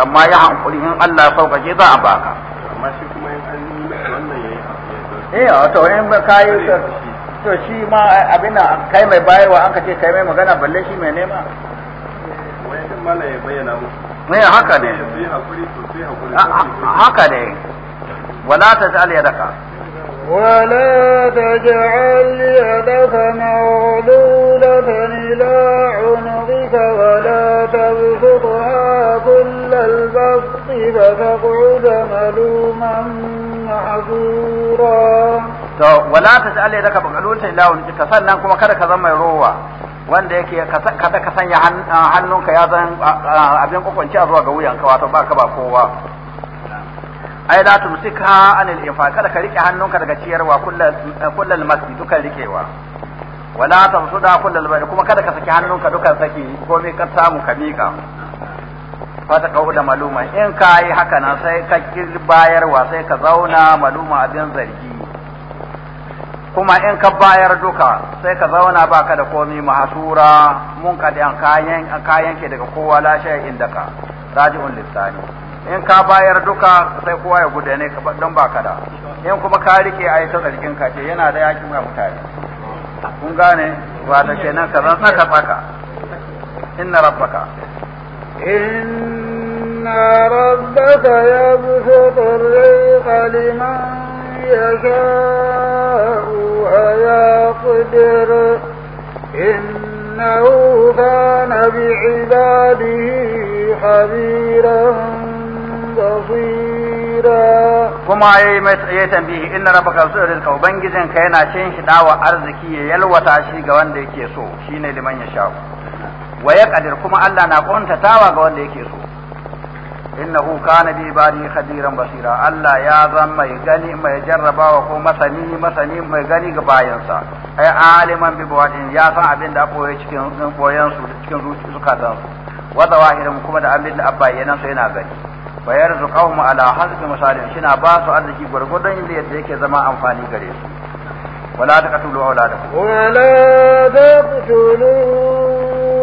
amma ya hankuri in Allah ya sauƙaƙe za a baka amma shi kuma in an yi wannan yayi hankuri eh to in ka yi to shi ma eh, abin nan kai mai bayarwa an ka ce kai mai magana balle shi mai nema wani mana ya bayyana musu ne eh, haka ne ah, ah, haka ne wala ta ta'al yadaka ولا تجعل يدك مغلولة إلى عنقك ولا تبسطها كل الحق فتقعد ملوما ji ولا daga bakalunta ila wani ونجك sannan kuma kada ka zama rowa wanda yake kada ka sanya hannunka ya zan abin kwakwanci a zuwa ga wuyanka wato ba ka ba kowa ai la tumsika anil infa kada ka rike hannunka daga ciyarwa kullal masjid dukan rikewa wala tamsuda kullal bayt kuma kada ka saki hannunka dukan saki me ka samu ka mika fata da maluma in ka yi haka nan sai ka bayarwa sai ka zauna maluma abin zargi kuma in ka bayar duka sai ka zauna baka da komi mahasura mun ka da kayan kayan ke daga kowa la shay indaka raji'un lisani in ka bayar duka sai kowa ya gude ne don baka da in kuma ka rike ai ta zargin ka ce yana da yakin ga mutane kun gane ce kenan ka zan tsaka tsaka inna rabbaka إن ربك يبسط الرزق لمن يشاء ويقدر إنه كان بعباده خبيرا بصيرا kuma ya tambihi inna rabbaka yusul rizqa ubangijinka yana cin shi dawa arziki ya yalwata shi ga wanda yake so shine liman yasha'u wa kadir kuma Allah na tawa ga wanda yake so innahu kana bi bari khadiran basira Allah ya zan mai gani mai jarrabawa ko masani masani mai gani ga bayansa ai aliman bi bawadin ya san abin da boye cikin koyan su cikin zuci zukatan su wa wahirin kuma da abin da yana su yana gani wa yarzuqahum ala hasbi misalin shina ba su arziki gurgurdan inda yadda yake zama amfani gare su wala taqtulu auladakum wala taqtulu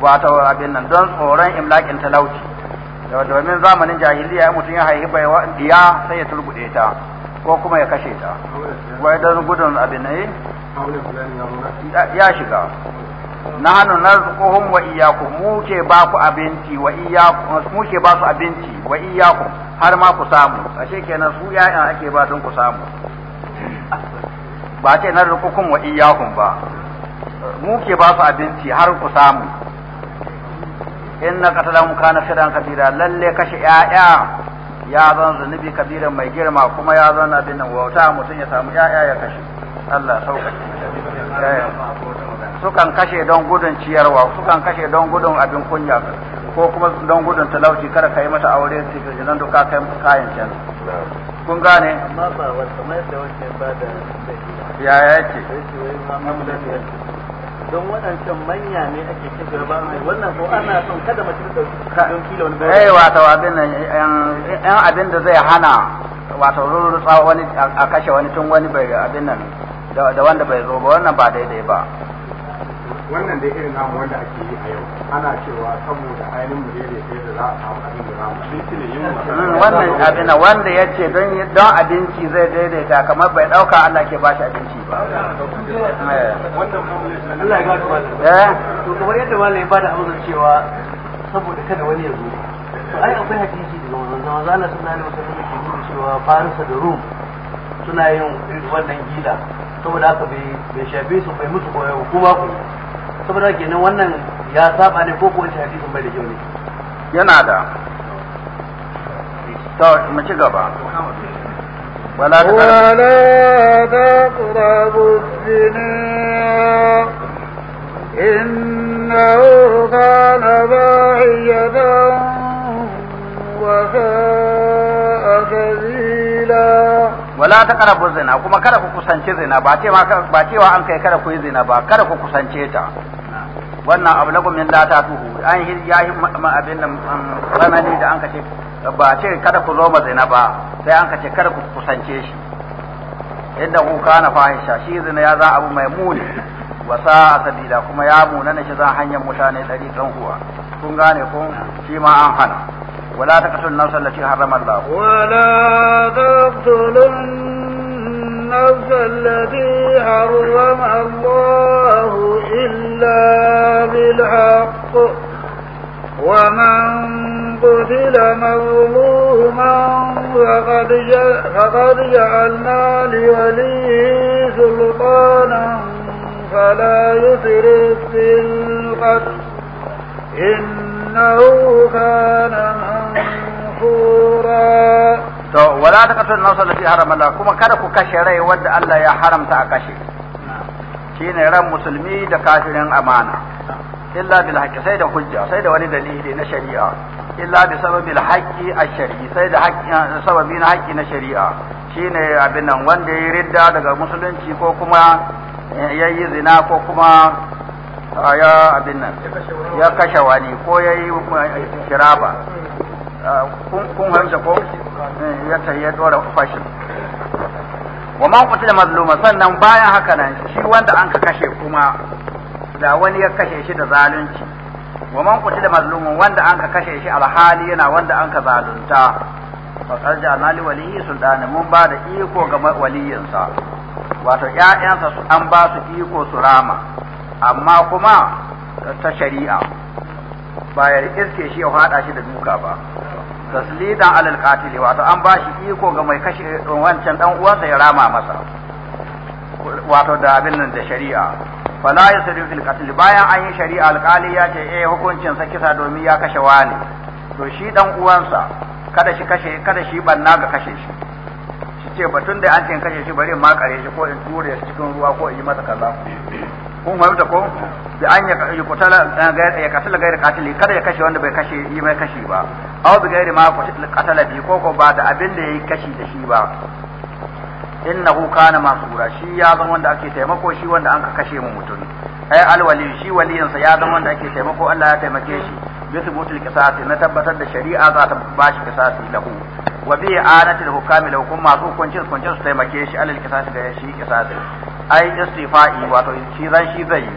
wato abin nan don tsoron imlakin talauci domin zamanin jahiliya mutum ya haihi bai diya sai ya turgude ta ko kuma ya kashe ta wai don gudun abin ne eh? ya shiga na hannun na zukuhun wa iyaku muke ba ku abinci wa iyaku muke ba su abinci wa iyaku har ma ku samu a kenan su ya'yan ake ba don ku samu ba ce na rukukun wa iyakun ba muke ba su abinci har ku samu inna qatalahum kana khidan kabira lalle kashe ya'ya ya zan zunubi kabira mai girma kuma ya zan abin nan wauta mutum ya samu ya'ya ya kashe Allah sauka sukan kashe don gudun ciyarwa sukan kashe don gudun abin kunya ko kuma don gudun talauci kada ka yi mata aure su ga jinan duka kai kayan can kun gane amma ba wata mai da wancan ba da yaya ce don waɗancan manya ne ake kira ba mai wannan ko ana son kada mace ta dauki don kila wani bai eh wato abin nan yan abin da zai hana wato tsawo wani a kashe wani tun wani bai abin nan da wanda bai zo ba wannan ba daidai ba wannan dai irin namu wanda ake yi a yau ana cewa saboda ainihin mu daidai sai da za a samu abin da za mu ne yin wannan abin wanda ya ce don abinci zai daidaita kamar bai dauka Allah ke bashi abinci ba wannan eh. Allah ya gado malam eh. to kamar yadda malam ya bada amsar cewa saboda kada wani ya zo to ai akwai hadisi daga manzon Allah sallallahu alaihi wasallam yake nuna cewa Farisa da Rum suna yin wannan gila saboda haka bai shafe su bai musu koyo kuma ku saboda kenan wannan ya saba ne ko ko wani bai da kyau ne yana da to mu ci gaba ولا تقربوا الزنا إنه كان فاحشة وساء سبيلا wala ta karabu zina kuma kada ku kusance zina ba ce ba cewa an kai kada ku yi zina ba kada ku kusance ta wannan abu ablagu min lata tuhu an yi ma abin nan mm, tsanani da an ce ba ce kada ku zo zina ba sai an ka ce kada ku kusance shi inda ku kana fahisha shi zina ya za abu mai muni wasa a sabila kuma ya munana shi za hanyar mutane ɗari kan huwa kun gane kun shi ma an hana ولا تقتلوا النفس التي حرم الله ولا تقتلوا النفس التي حرم الله إلا بالحق ومن قتل مظلوما فقد, فقد جعلنا لوليه سلطانا فلا يسرف في القتل إن to wala ta katar nasa da fi haram Allah kuma kada ku kashe rai wanda Allah ya haramta a kashe shine ran musulmi da kafirin amana illa bil haqqi sai da hujja sai da wani dalili na shari'a illa bi sababil haƙƙi a shari'i, sai da sababi na haqqi na shari'a shine abin nan wanda ya ridda daga musulunci ko kuma ya yi zina ko kuma Ah, ya abin nan ya kashe wani ko ya yi shiraba ah, kun harshe ko eh, ya tafi ya dora fashi wa man da mazluma sannan bayan haka nan shi wanda an ka kashe kuma da wani ya kashe shi da zalunci wa man da mazlumun wanda an ka kashe shi alhali yana wanda an ka zalunta fa qad waliyi li waliyyi sultana mun ba da iko ga waliyinsa wato ƴaƴansa an ba su iko su rama amma kuma ta shari'a ba ya iske shi ya hada shi da duka ba taslidan alal qatil wato an ba shi iko ga mai kashe wancan dan uwansa ya rama masa wato da abin nan da shari'a fala yasri fil qatl bayan an yi shari'a alqali ya ce eh hukuncin sa kisa domin ya kashe wani to shi dan uwansa kada shi kashe kada shi banna ga kashe shi shi ce batun da an ce kashe shi bari ma kare shi ko in ture shi cikin ruwa ko in yi masa kaza kun da ko da an ya kutala eh, ya katala gairi katili kada ya kashe wanda bai kashe yi mai kashi ba aw bi gairi ma katala bi ko ko ba da abin da yayi kashi da shi ba innahu kana masura shi ya zan wanda ake taimako shi wanda an ka kashe mu mutum ai alwali shi waliyan sa ya zan wanda ake taimako Allah ya taimake shi bi mutul qisas na tabbatar da shari'a za ta bashi qisasi lahu wa bi anatil hukami lahu kuma masu su taimake shi alal qisas ga shi qisas ai istifa'i wato shi zan shi zai yi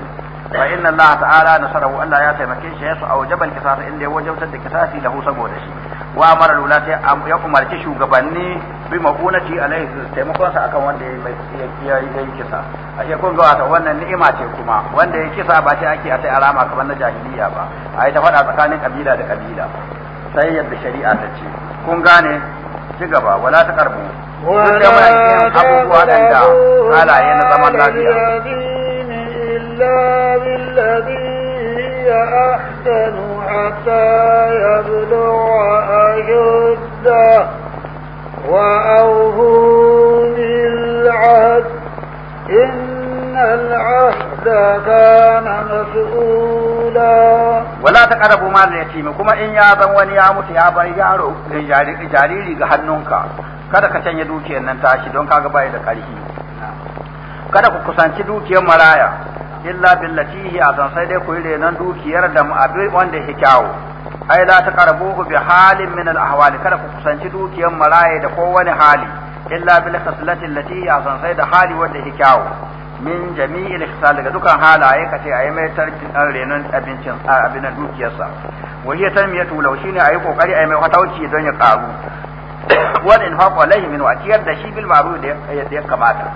fa inna Allah ta'ala nasarahu Allah ya taimake shi yasu aujabal qisas inda ya wajabtar da qisasi lahu saboda shi wa amara lulati ya umarci shugabanni bi maunati alaihi taimakon sa akan wanda ya mai ya yi kisa A kun ga wata wannan ni'ima ce kuma wanda ya kisa ba ce ake a sai alama kamar na jahiliya ba Ayi ta faɗa tsakanin kabila da kabila sai yadda shari'a ta ce kun gane ci gaba wala ta karbu kun da mai yin abubuwa dan da halaye na zaman lafiya illa billazi ya ahsanu hatta yablugha ajudda wa حتى كان mara ولا تقربوا مال kuma in ya يا wani ya mutu ya bar yaro jariri ga hannunka kada ka canye dukiyar nan tashi don kaga bai da karfi kada ku kusanci dukiyar maraya illa billati a san sai dai ku yi renon dukiyar da mu abin wanda yake kyawu ai la ku bi halin min al ahwali kada ku kusanci dukiyar maraya da wani hali illa bil khaslati allati a san sai da hali wanda yake kyawu min jami'il ihsan daga dukan halaye kace ayi mai tarkin renon abincin abin dukiyarsa wa hiya tamiyatu law shine ayi kokari ayi mai fatauci don ya karu in infaq alaihi min wa da shi bil ma'ruf da ya kamata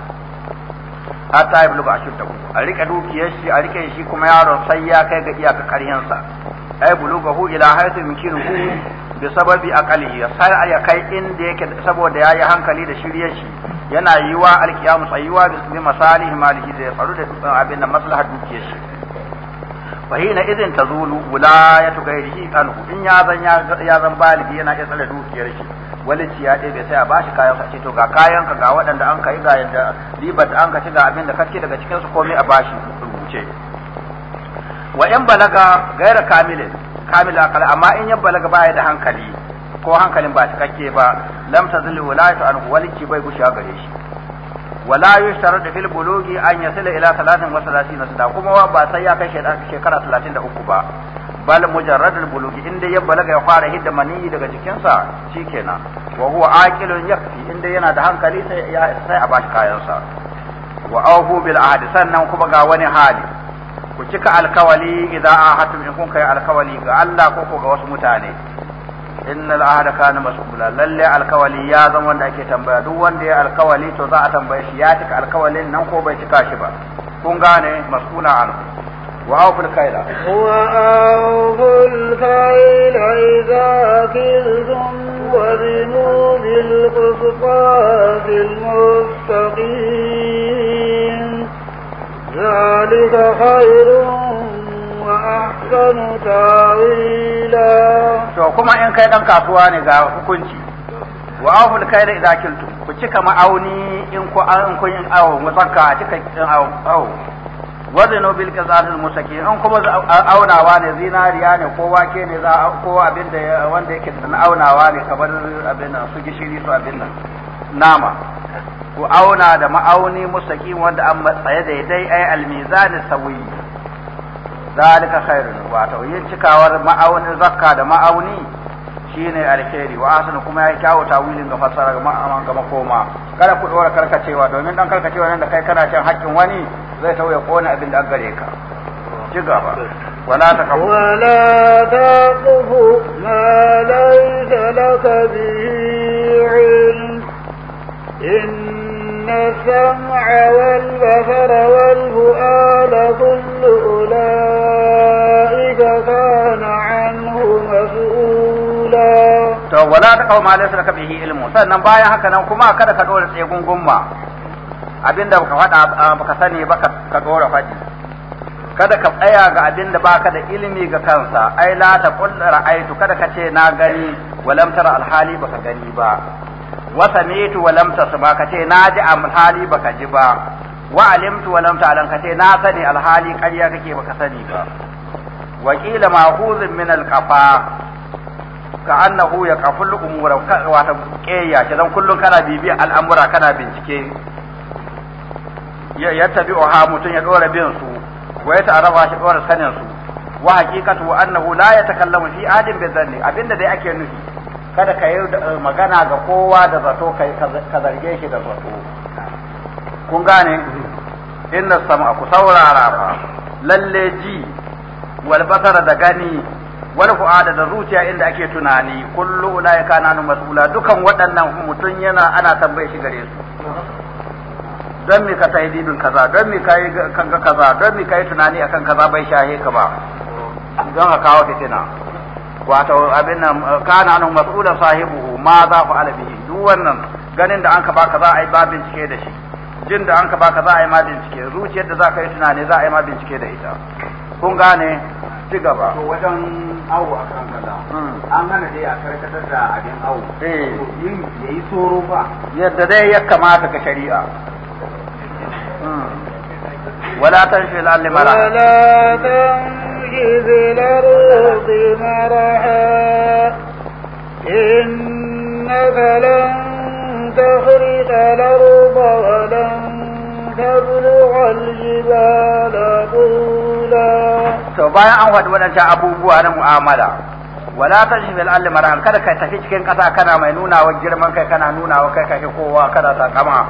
hatta bashir buluga ashudda a rike dukiyar shi a rike shi kuma yaron sai ya kai ga iyaka karyansa ai bulugahu ila haythu yumkinuhu bi sababi aqali sai ya kai inda yake saboda yayi hankali da shirye shi yana yiwa alkiyamu tsayuwa bi masalih malihi da faru da abin da maslaha dukiyar shi fa hina idin tazulu wilayatu ghairihi anhu in ya zan ya zan baligi yana iya tsare dukiyar shi walici ya ɗebe sai a bashi kayan a to ga kayan ka ga waɗanda an kai ga yadda ribar da an ka ci ga abin da kake daga cikin su komai a bashi rubuce wa in balaga gaira kamilin kamil akal amma in ya balaga baya da hankali ko hankalin ba cikakke ba lam tazil walayatu an waliki bai gushi gare shi wala yushtarad fil bulugi an yasila ila 33 sada kuma ba sai ya kai shekara 33 ba bal mujarradul bulugi inda ya balaga ya fara hidda maniyi daga jikinsa shikenan wa huwa aqilun yakfi inda yana da hankali sai sai a bashi kayansa wa auhu bil ahdi sannan kuma ga wani hali ku cika alkawali idan ahadtum in kun kai alkawali ga Allah ko ko ga wasu mutane innal ahada kana mas'ula lalle alkawali ya zama wanda ake tambaya duk wanda ya alkawali to za a tambaye shi ya cika alkawalin nan ko bai cika shi ba kun gane mas'ula an wa awful kaila wa awful kaila idza kilzum wa bil mustaqim ذلك خير ahsanu tawila to kuma in kai dan kasuwa ne ga hukunci wa ahul kaida idza kiltu ku cika ma'auni in ku an kun yin awo musakka a cika yin awo awo wadanu bil qazalil musaki in kuma aunawa ne zinariya ne ko wake ne za ko da wanda yake da aunawa ne kamar abin su gishiri su abin nan nama ku auna da ma'auni musaki wanda an matsaye daidai ai almizan sawi zalika wa wato yin cikawar ma'aunin zakka da ma'auni shine alheri wa asan kuma ya kyawo tawilin ga fasara ga ma'aman ga makoma kada ku dora karkacewa domin dan karkacewa nan da kai kana cin haƙƙin wani zai ya kona abin da an gare ka ci gaba ولا تقف ولا تقف ما ليس لك به علم السمع والبصر والفؤاد كل أولئك كان عنه مسؤولا to wala ta kawo malai sarka bihi ilmu sannan bayan haka nan kuma kada ka dora tsegun gumma abinda baka fada baka sani ba ka dora fadi, kada ka tsaya ga abinda baka da ilimi ga kansa ai la ta qul ra'aytu kada ka ce na gani walam tara alhali baka gani ba wa wa lam tasma kace na ji hali baka ji ba wa alimtu wa lam ta'lam kace na sani alhali karya kake baka sani ba wa qila ma'khuzun min al-qafa ka annahu ya qaful umura wa ta qiyya kidan kullun kana bibiya al'amura kana bincike ya tabi'uha mutun ya dora bin su wa ya ta'arafa shi dora sanin su wa haqiqatu annahu la yatakallamu fi adin bi ne abinda dai ake nufi kada ka yi eh, magana ga kowa da zato ka zarge shi da zato kun gane inna sama ku saurara ba lalle ji wal da gani wal fu'ada da zuciya inda ake tunani kullu ulai kana nu mas'ula dukan waɗannan mutum yana ana tambaye shi gare su don me ka sai dinin kaza don me kai kanka kaza don me kai tunani akan kaza bai shahe ka ba don ka kawo fitina wato abin nan eh, kana anhu mas'ulan sahibu ma za ku ala bihi duk wannan ganin da anka baka za a yi ba bincike da shi jin da anka baka za a yi ma bincike zuciyar da za ka yi tunani za a yi ma bincike da ita kun gane ci gaba to wajen awo a kan kaza hmm. an hana dai a karkatar da abin awo eh. yin yayi tsoro ba yadda dai ya kamata ga shari'a ولا تنشئ العلم ولا تنشئ ترجي في الأرض مرحا إنك لن تخرج الأرض ولن تبلغ الجبال bayan an faɗi waɗancan abubuwa na mu'amala wala ta shi bil alli marhan kada ka tafi cikin ƙasa kana mai nunawa girman kai kana nunawa kai kake kowa kada ta kama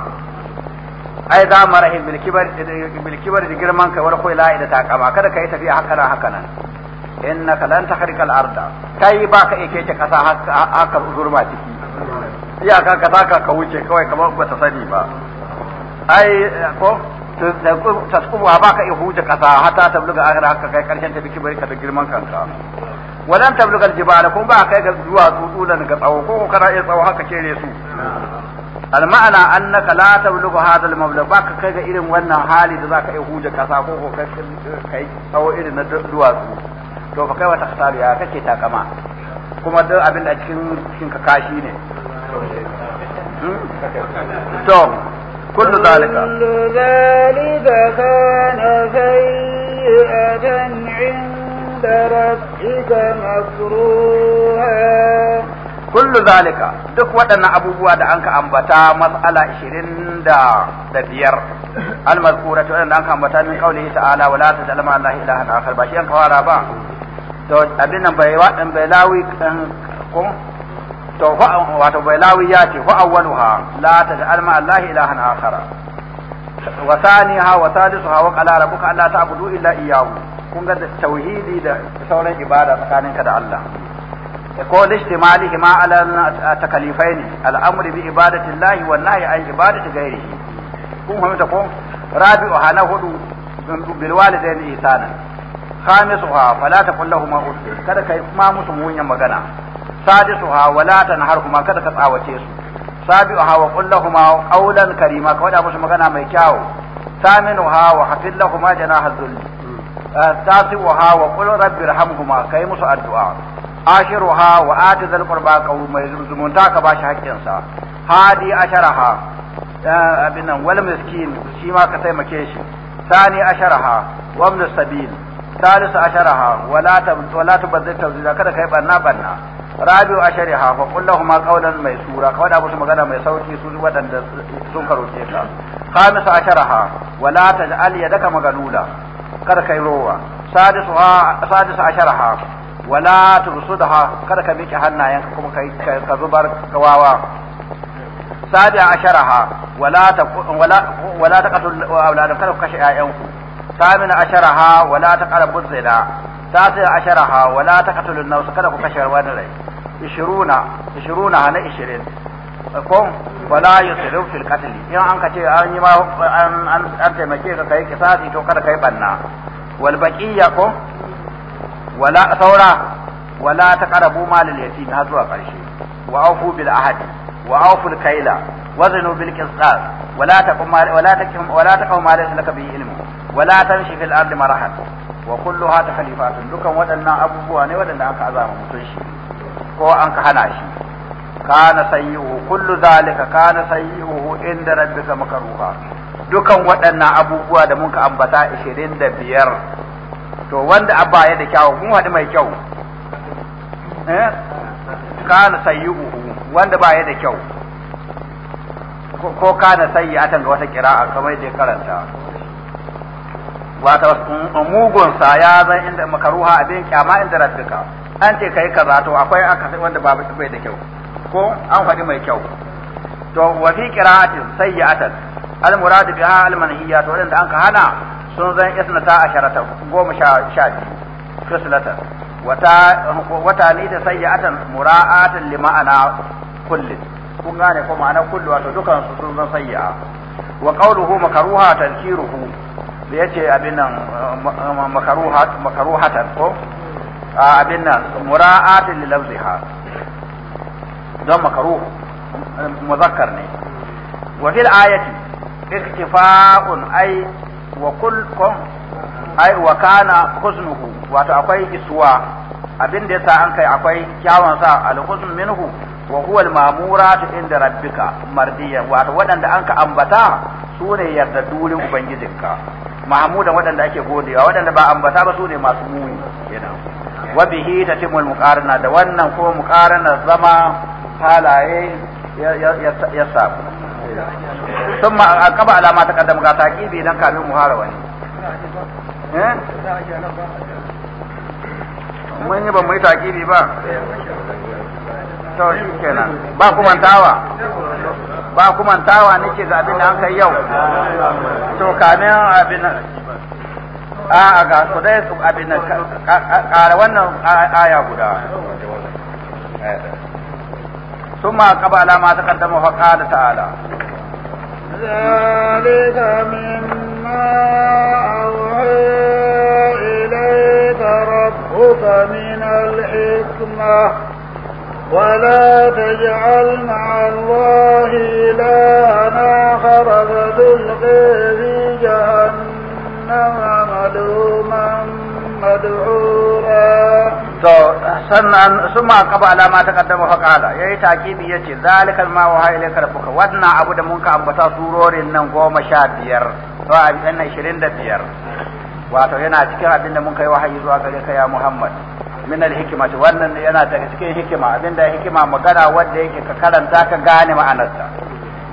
ai za mu rahi kibar da girman kai warko ila da takama kada ka yi tafiya haka nan haka nan innaka lan tahrika al-arda kai ba ka iya kece kasa haka zurma ciki iyaka ka saka ka wuce kawai kamar ba ta sani ba ai ko tasquwa ba ka iya huje kasa hata tabluga akhir haka kai karshen ta bikibar ka da girman kanka walan tabluga al-jibala kun ba kai ga zuwa tsutsulan ga tsawo ko kana iya tsawo haka kere su alma'ana annaka la tablughu hadha almablagh baka kai ga irin wannan hali da zaka yi huja kasa ko ko kai tsawo irin na duwatsu to fa kai wata kasalu ya kake takama kuma duk abin da cikin cikin ka kashi ne hmm? to kullu zalika kullu zalika kana sayyatan 'inda rabbika makruha kullu zalika duk waɗannan abubuwa da anka ambata mas'ala 20 da da biyar al-mazkura to an ka ambata min qaulihi ta'ala wala tajal ma allahi ilahan akhar ba shi an kawara ba to abin nan bai wadan bai lawi kan eh, ko to fa wato bai lawi ya ce fa awwaluha la tajal ma allahi ilahan akhar wa thaniha wa thalisuha wa qala rabbuka alla ta'budu illa iyyahu kun ga tauhidi da sauran ibada tsakaninka da Allah ko lishtimalihi ma ala takalifaini al'amri bi ibadati llahi wan nahyi an ibadati ghairihi kun fahimta ko rabi'u hana hudu bil walidaini ihsana khamisuha fala taqul lahumu uff kada kai ma musu munyan magana sadisuha wala tanharhuma kada ka tsawace su sabi'uha wa qul lahumu karima ka wada musu magana mai kyau saminuha wa hafil lahumu hmm. kai musu addu'a ashiruha wa ati zal qurba qaw mai zumunta ka bashi haƙƙin sa hadi asharaha abin nan wal miskin shi ma ka taimake shi sani asharaha wa ibn sabil ثالث عشرها wala تب... ولا تبذل تبذيرا kada kai banna banna rabiu ashariha fa qul lahum qawlan maysura kawai da musu magana mai sauki su wadanda sun karoce ka khamis asharaha wala taj'al yadaka magalula kada kai rowa sadisuha sadis asharaha wala tubsudha kada ka miƙe hannayen kuma kai ka zubar kawawa sabi asharaha wala ta wala wala ta qatul auladan kada ku kashe ƴaƴanku samina asharaha wala ta qarabu zina tasi asharaha wala ta qatul nausu kada ku kashe wani rai ishiruna 20 na ishirin kom wala yusrif fil qatl in an kace an yi ma an an taimake ka kai kisasi to kada kai banna wal baqiya ko wala saura wala taqrabu malal yatim har zuwa karshe wa aufu bil ahadi wa aufu al kaila wazinu bil qisas wala taqum wala taqum wala taqum malal laka bi ilmu wala tamshi fil ardi marahan wa kulluha takalifatun dukan waɗannan abubuwa ne waɗanda aka azama mutum shi ko an ka hana shi kana sayyihu kullu zalika kana sayyihu inda rabbika makruha dukan waɗannan abubuwa da muka ambata 25 to wanda abba ya da kyau kun haɗu mai kyau eh kana sayyuhu wanda ba ya da kyau ko kana atan ga wata kira'a kamar da karanta wata mm, mugun sa ya zan inda makaruha abin kyama inda rabbika an ce kai kaza to akwai aka wanda ba bai da kyau ko an faɗi mai kyau to wa fi qira'atin atan al muradu biha al manhiya to wanda an ka hana sun zan isna ta asharata goma sha biyu khislatan wata ni da atan mura'atan li ma'ana kullin kun gane ko ma'ana kullu wato dukan su sun zan sayya wa qawluhu makruha tankiruhu da yace abin nan makruha makruhatan ko abin nan mura'atan li lafziha don makruh muzakkar ne wa fil ayati iktifa'un ay wa kulkum ai wa kana huznuhu wato akwai iswa abin da yasa an kai akwai kyawun sa alhusn minhu wa huwa almamuratu inda rabbika mardiya wato waɗanda anka ambata su ne yarda durin ubangijinka mahmudan waɗanda ake godewa waɗanda ba ambata ba su ne masu muni yana wa bihi tatimul muqarana da wannan ko muqarana zama halaye ya samu ثم عقب على ما تقدم ga taqibi dan kamin muhara wani eh? mun yi ba mu شكنا با ba to ba kuma tawa ba kuma ga abin da an kai yau to kamin abin a ga su dai su abin wannan aya guda ثم قبل ما تعالى ذلك مما أوحي إليك ربك من الحكمة ولا تجعل مع الله إلهنا آخر فتلقي في جهنم ملوما مدعورا to sannan suma qaba alama ta kaddama fa qala yayi takibi yace zalikal ma wa ilaika rabbuka wannan abu da mun ka ambata surorin nan goma sha biyar to a nan ishirin da biyar wato yana cikin abin da mun kai wahayi zuwa gare ka ya muhammad min al hikimati wannan yana daga cikin hikima abinda da hikima magana wanda yake ka karanta ka gane ma'anarta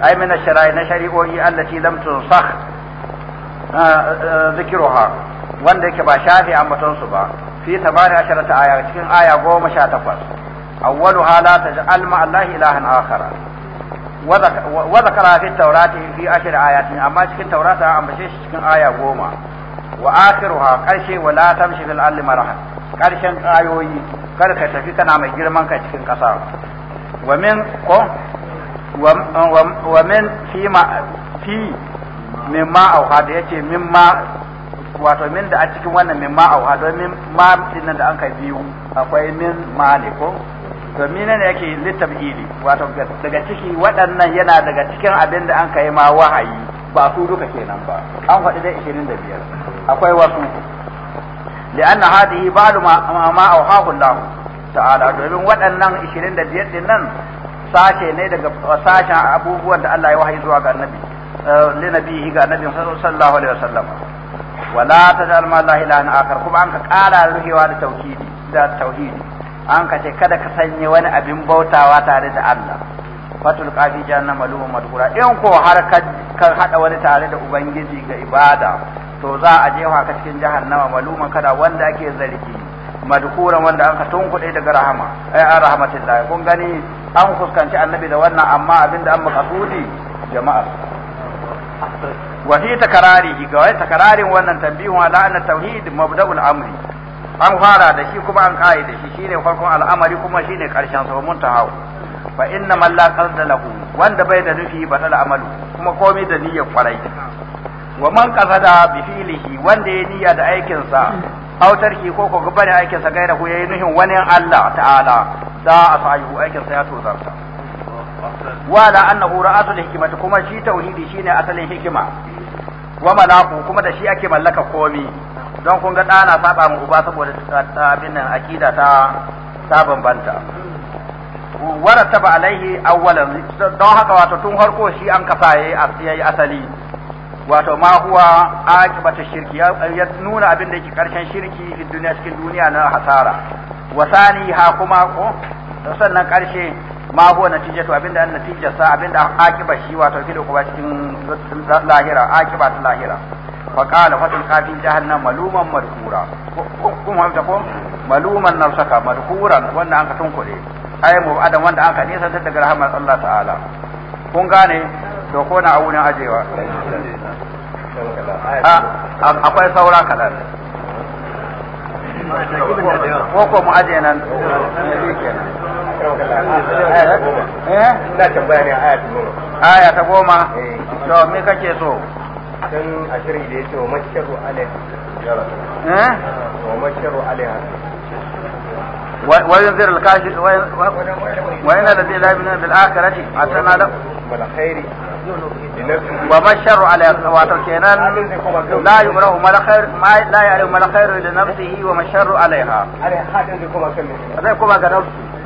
ai min shara'i na shari'o'i allati lam tunsakh ah, ah, zikruha wanda yake ba shafi ambaton su ba fi tabari asharata aya cikin aya goma sha takwas awwalu hala taj'al ma allahi ilahan kana mai girman ka kasa wa min ko yace wato min da a cikin wannan min ma'auha domin ma'amci nan da an kai biyu akwai min ko domin nan yake litabili wato daga ciki waɗannan yana daga cikin abin da an kai ma wahayi ba su duka kenan ba an faɗi dai da biyar akwai wasu لأن ba بعض ما ما أوحاه lahu ta'ala domin waɗannan da biyar din nan sashe ne daga sashen abubuwan da Allah ya wahayi zuwa ga annabi eh, linabihi ga annabi sallallahu alaihi wasallam wala ta da almalahi ilahin kuma an ka kara ruhewa da tauhidi da tauhidi an ka ce kada ka sanya wani abin bautawa tare da Allah fatul qafi jahannama Maluma madhura in ko har ka hada wani tare da ubangiji ga ibada to za a jefa ka cikin jahannama Maluma kada wanda ake zargi madhuran wanda an ka tunkuɗe daga rahama ai an rahmatillahi kun gani an fuskanci annabi da wannan amma abinda an makasudi jama'a wa fi takararihi ga wai takararin wannan tambihun ala anna tauhid mabda'ul amri an fara da shi kuma an kai da shi shine farkon al'amari kuma shine karshen sa muntaha fa inna man la qasda lahu wanda bai da nufi ba da amalu kuma komai da niyyar kwarai wa man qasada bi fi'lihi wanda ya niyya da aikinsa, sa ki ko ko gaba da aikin sa gaira ko yayi nuhin wani Allah ta'ala za a sa'i aikin sa ya tozarta wala annahu ra'atul hikmati kuma shi tauhidi shine asalin hikima wa malaku kuma da shi ake mallaka komi don kun ga ɗana saba mu uba saboda abin akida ta ta bambanta warata ba alaihi awwalan don haka wato tun harko shi an kasa yayi asali wato ma huwa akibata shirki ya nuna abin da yake karshen shirki a duniya cikin duniya na hasara wasani ha kuma ko sannan karshe ma huwa natijatu abinda an natija sa abinda akiba shi wato fil ba cikin lahira akiba ta lahira fa qala fatul kafin jahannam maluman ko kuma da ko maluman saka madhkuran wanda an ka tunkure ai mu adam wanda an ka nisa ta daga rahmar Allah ta'ala kun gane to ko na aunin ajewa akwai saura kalan ko ko mu aje nan Ina tambaya ne aya ta goma. Aya ta goma? To me kake so? Tun a shiri da ya ce wa masharu alaiha. Eh? Wa masharu alaiha. وينذر الكافر وإن الذين لا يؤمنون بالآخرة أتنا له بالخير وبشر على وتركينا لا يمره ما الخير ما لا يعلم ما الخير لنفسه وما الشر عليها. عليها حاجة لكم كم؟ عليكم كنفسي.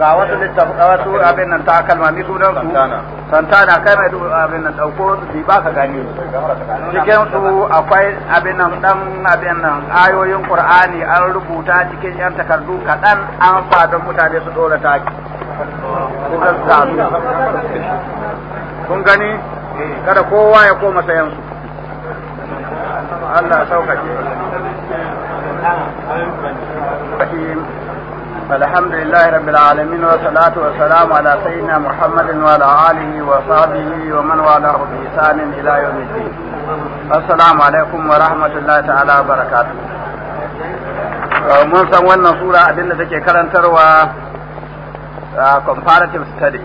ga wasu littafi wasu abin nan ta kalma ni su santana kai mai abin nan dauko bi ba ka gani cikin su akwai abin nan dan abin nan ayoyin qur'ani an rubuta cikin yan takardu kadan an fa don mutane su dora ki kun gani kada kowa ya koma sayan su Allah ya sauƙaƙe. الحمد لله رب العالمين والصلاة والسلام على سيدنا محمد وعلى آله وصحبه ومن والاه بإحسان إلى يوم الدين السلام عليكم ورحمة الله تعالى وبركاته mun san wannan sura abin da take karantarwa comparative study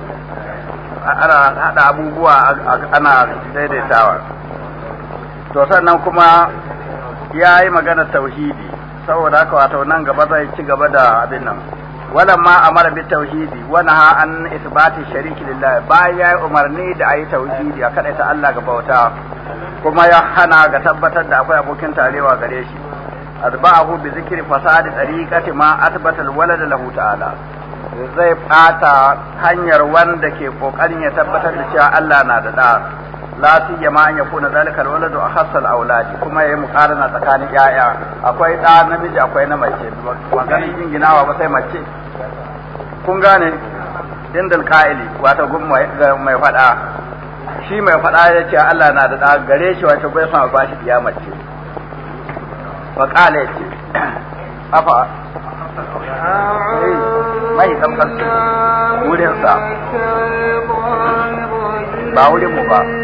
ana hada abubuwa ana daidaitawa to sannan kuma ya yi magana tauhidi saboda haka wato nan gaba zai ci gaba da abin nan wala ma amara bi tauhidi wa ha an isbati shariki lillahi bayan yayi umarni da ayi tauhidi a kada ta Allah ga bauta kuma ya hana ga tabbatar da akwai abokin tarewa gare shi azba'ahu bi zikri fasadi tariqati ma athbata alwalad lahu ta'ala zai bata hanyar wanda ke kokarin ya tabbatar da cewa Allah na da da la siyama an yakuna zalika alwaladu ahsal auladi kuma yayi muqarana tsakanin yaya akwai da namiji akwai na mace maganin ginawa ba sai mace kun gane indal ka'ili. wato gun mai fada shi mai fada ya ce Allah na da da gare shi wato bai san ba shi biya mace fa qala ce afa mai tamkar wurin sa ba wurin mu ba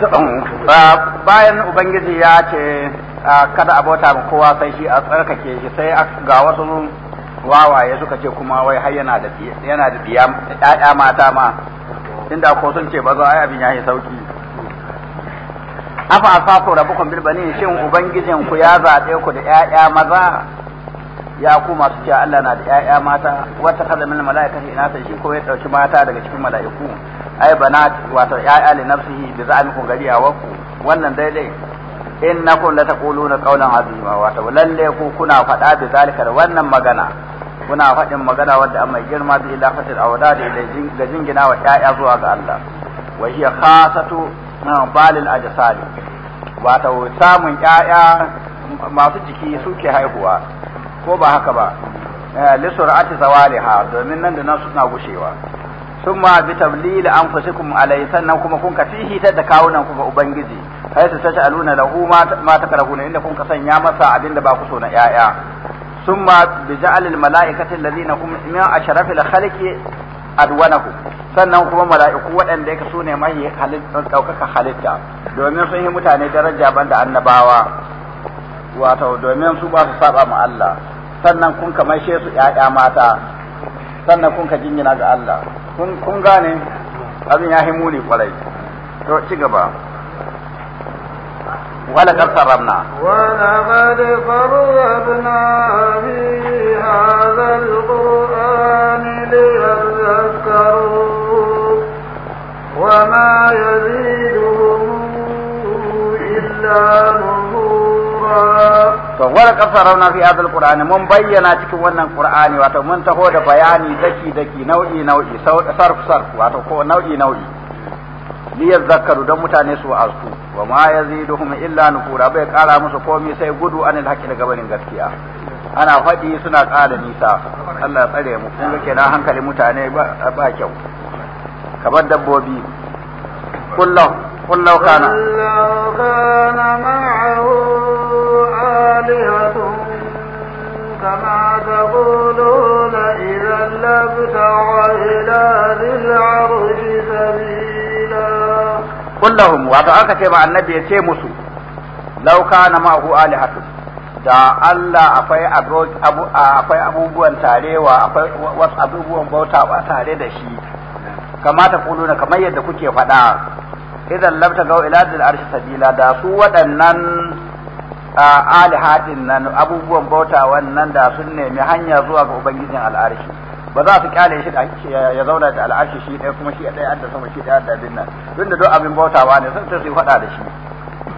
Ah, bayan ubangiji ya ce ah, kada abota ma kowa sai shi a tsarkake shi sai ga wasu wawaye suka ce kuma wai har yana da yana da ɗaya mata ma inda ko sun ce ba za a abin yayi sauki afa asafu rabbukum bil banin shin ubangijin ku ya zabe ku da ƴaƴa maza ya ku masu cewa Allah na da ƴaƴa mata wata kaza min malaikati ina sai shi ko ya dauki mata daga cikin mala'iku ai banat wato ya'ya li nafsihi bi za'amikum gari awaku wannan daidai innakum la taquluna qawlan azima wato lalle ku kuna faɗa bi zalika da wannan magana kuna faɗin magana wadda an mai girma bi ilafatil awdad ila da jingina wa ya'ya zuwa ga Allah wa hiya khasatu balil ajsad wato samun ya'ya masu jiki suke haihuwa ko ba haka ba eh, lisur'ati zawaliha domin nan da nan suna gushewa summa bi tablil anfusikum alai sannan kuma kun ka fihitar da kawunan ku ga ubangiji kai su ta aluna lahu ma takrahuna inda kun ka sanya masa abinda ba ku so na yaya summa bi ja'alil malaikati alladhina hum min ashrafil khalqi adwanahu sannan kuma mala'iku waɗanda yake sune mahi halitta daukaka halitta domin sun yi mutane daraja banda annabawa wato domin su ba su saba ma Allah sannan kun kamaishe su yaya mata sannan kun ka jingina ga Allah kun gane abin ya himu ne kwarai to ci gaba wala kar sarrabna to wala qasarna fi hadal qur'ani mun bayyana cikin wannan qur'ani wato mun taho da bayani daki daki nau'i nau'i sarf sarf wato ko nau'i nau'i li yadhakkaru dan mutane su azu wa ma yaziduhum illa nufura bai kara musu komai sai gudu anil haqqi daga barin gaskiya ana faɗi suna ƙara nisa Allah tsare mu kun ga na hankalin mutane ba kyau kamar dabbobi kullum kullum kana kana ma'ahu آلهة كما تقولون إذا لابتغوا إلى ذي العرش سبيلا قل لهم وضعك تبع النبي يتيمسوا لو كان معه آلهة da Allah akwai akwai abubuwan tarewa akwai wasu abubuwan bauta ba tare da shi kamata kuluna kamar yadda kuke faɗa idan labta ga ila dil arshi sabila da su waɗannan alihatin nan abubuwan bauta wannan da sun nemi hanya zuwa ga ubangijin al'arshi ba za su kyale shi da ya zauna da al'arshi shi ɗaya kuma shi ɗaya adda sama shi ɗaya adda abin nan tun da duk abin bautawa ne sun sai su faɗa da shi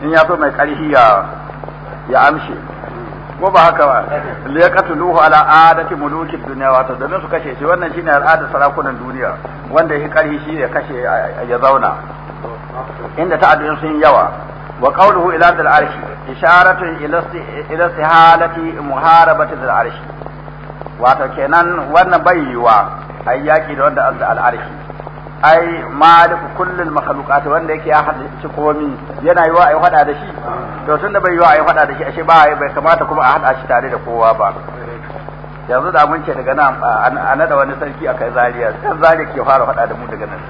in ya so mai ƙarfi ya ya amshe ko ba haka ba luhu ala adati muluki dunya wato domin su kashe shi wannan shine al'adar sarakunan duniya wanda ya ƙarfi shi ya kashe ya zauna inda ta'adun sun yawa wa qawluhu ila dhil arshi isharatu ila ila sihalati muharabati dhil arshi wato kenan wannan bai yiwa ai yaki da wanda azza al arshi ai maliku kullul makhluqat wanda yake ya halicci komi yana yiwa ai hada da shi to tunda bai yiwa ai hada da shi ashe ba bai kamata kuma a hada shi tare da kowa ba yanzu da mun ce daga nan a nada wani sarki a kai zariya sai zariya ke fara faɗa da mu daga nan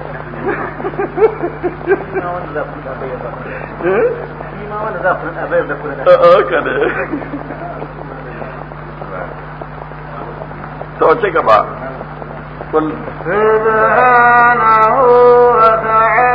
to ce gaba kul قل سبحانه وتعالى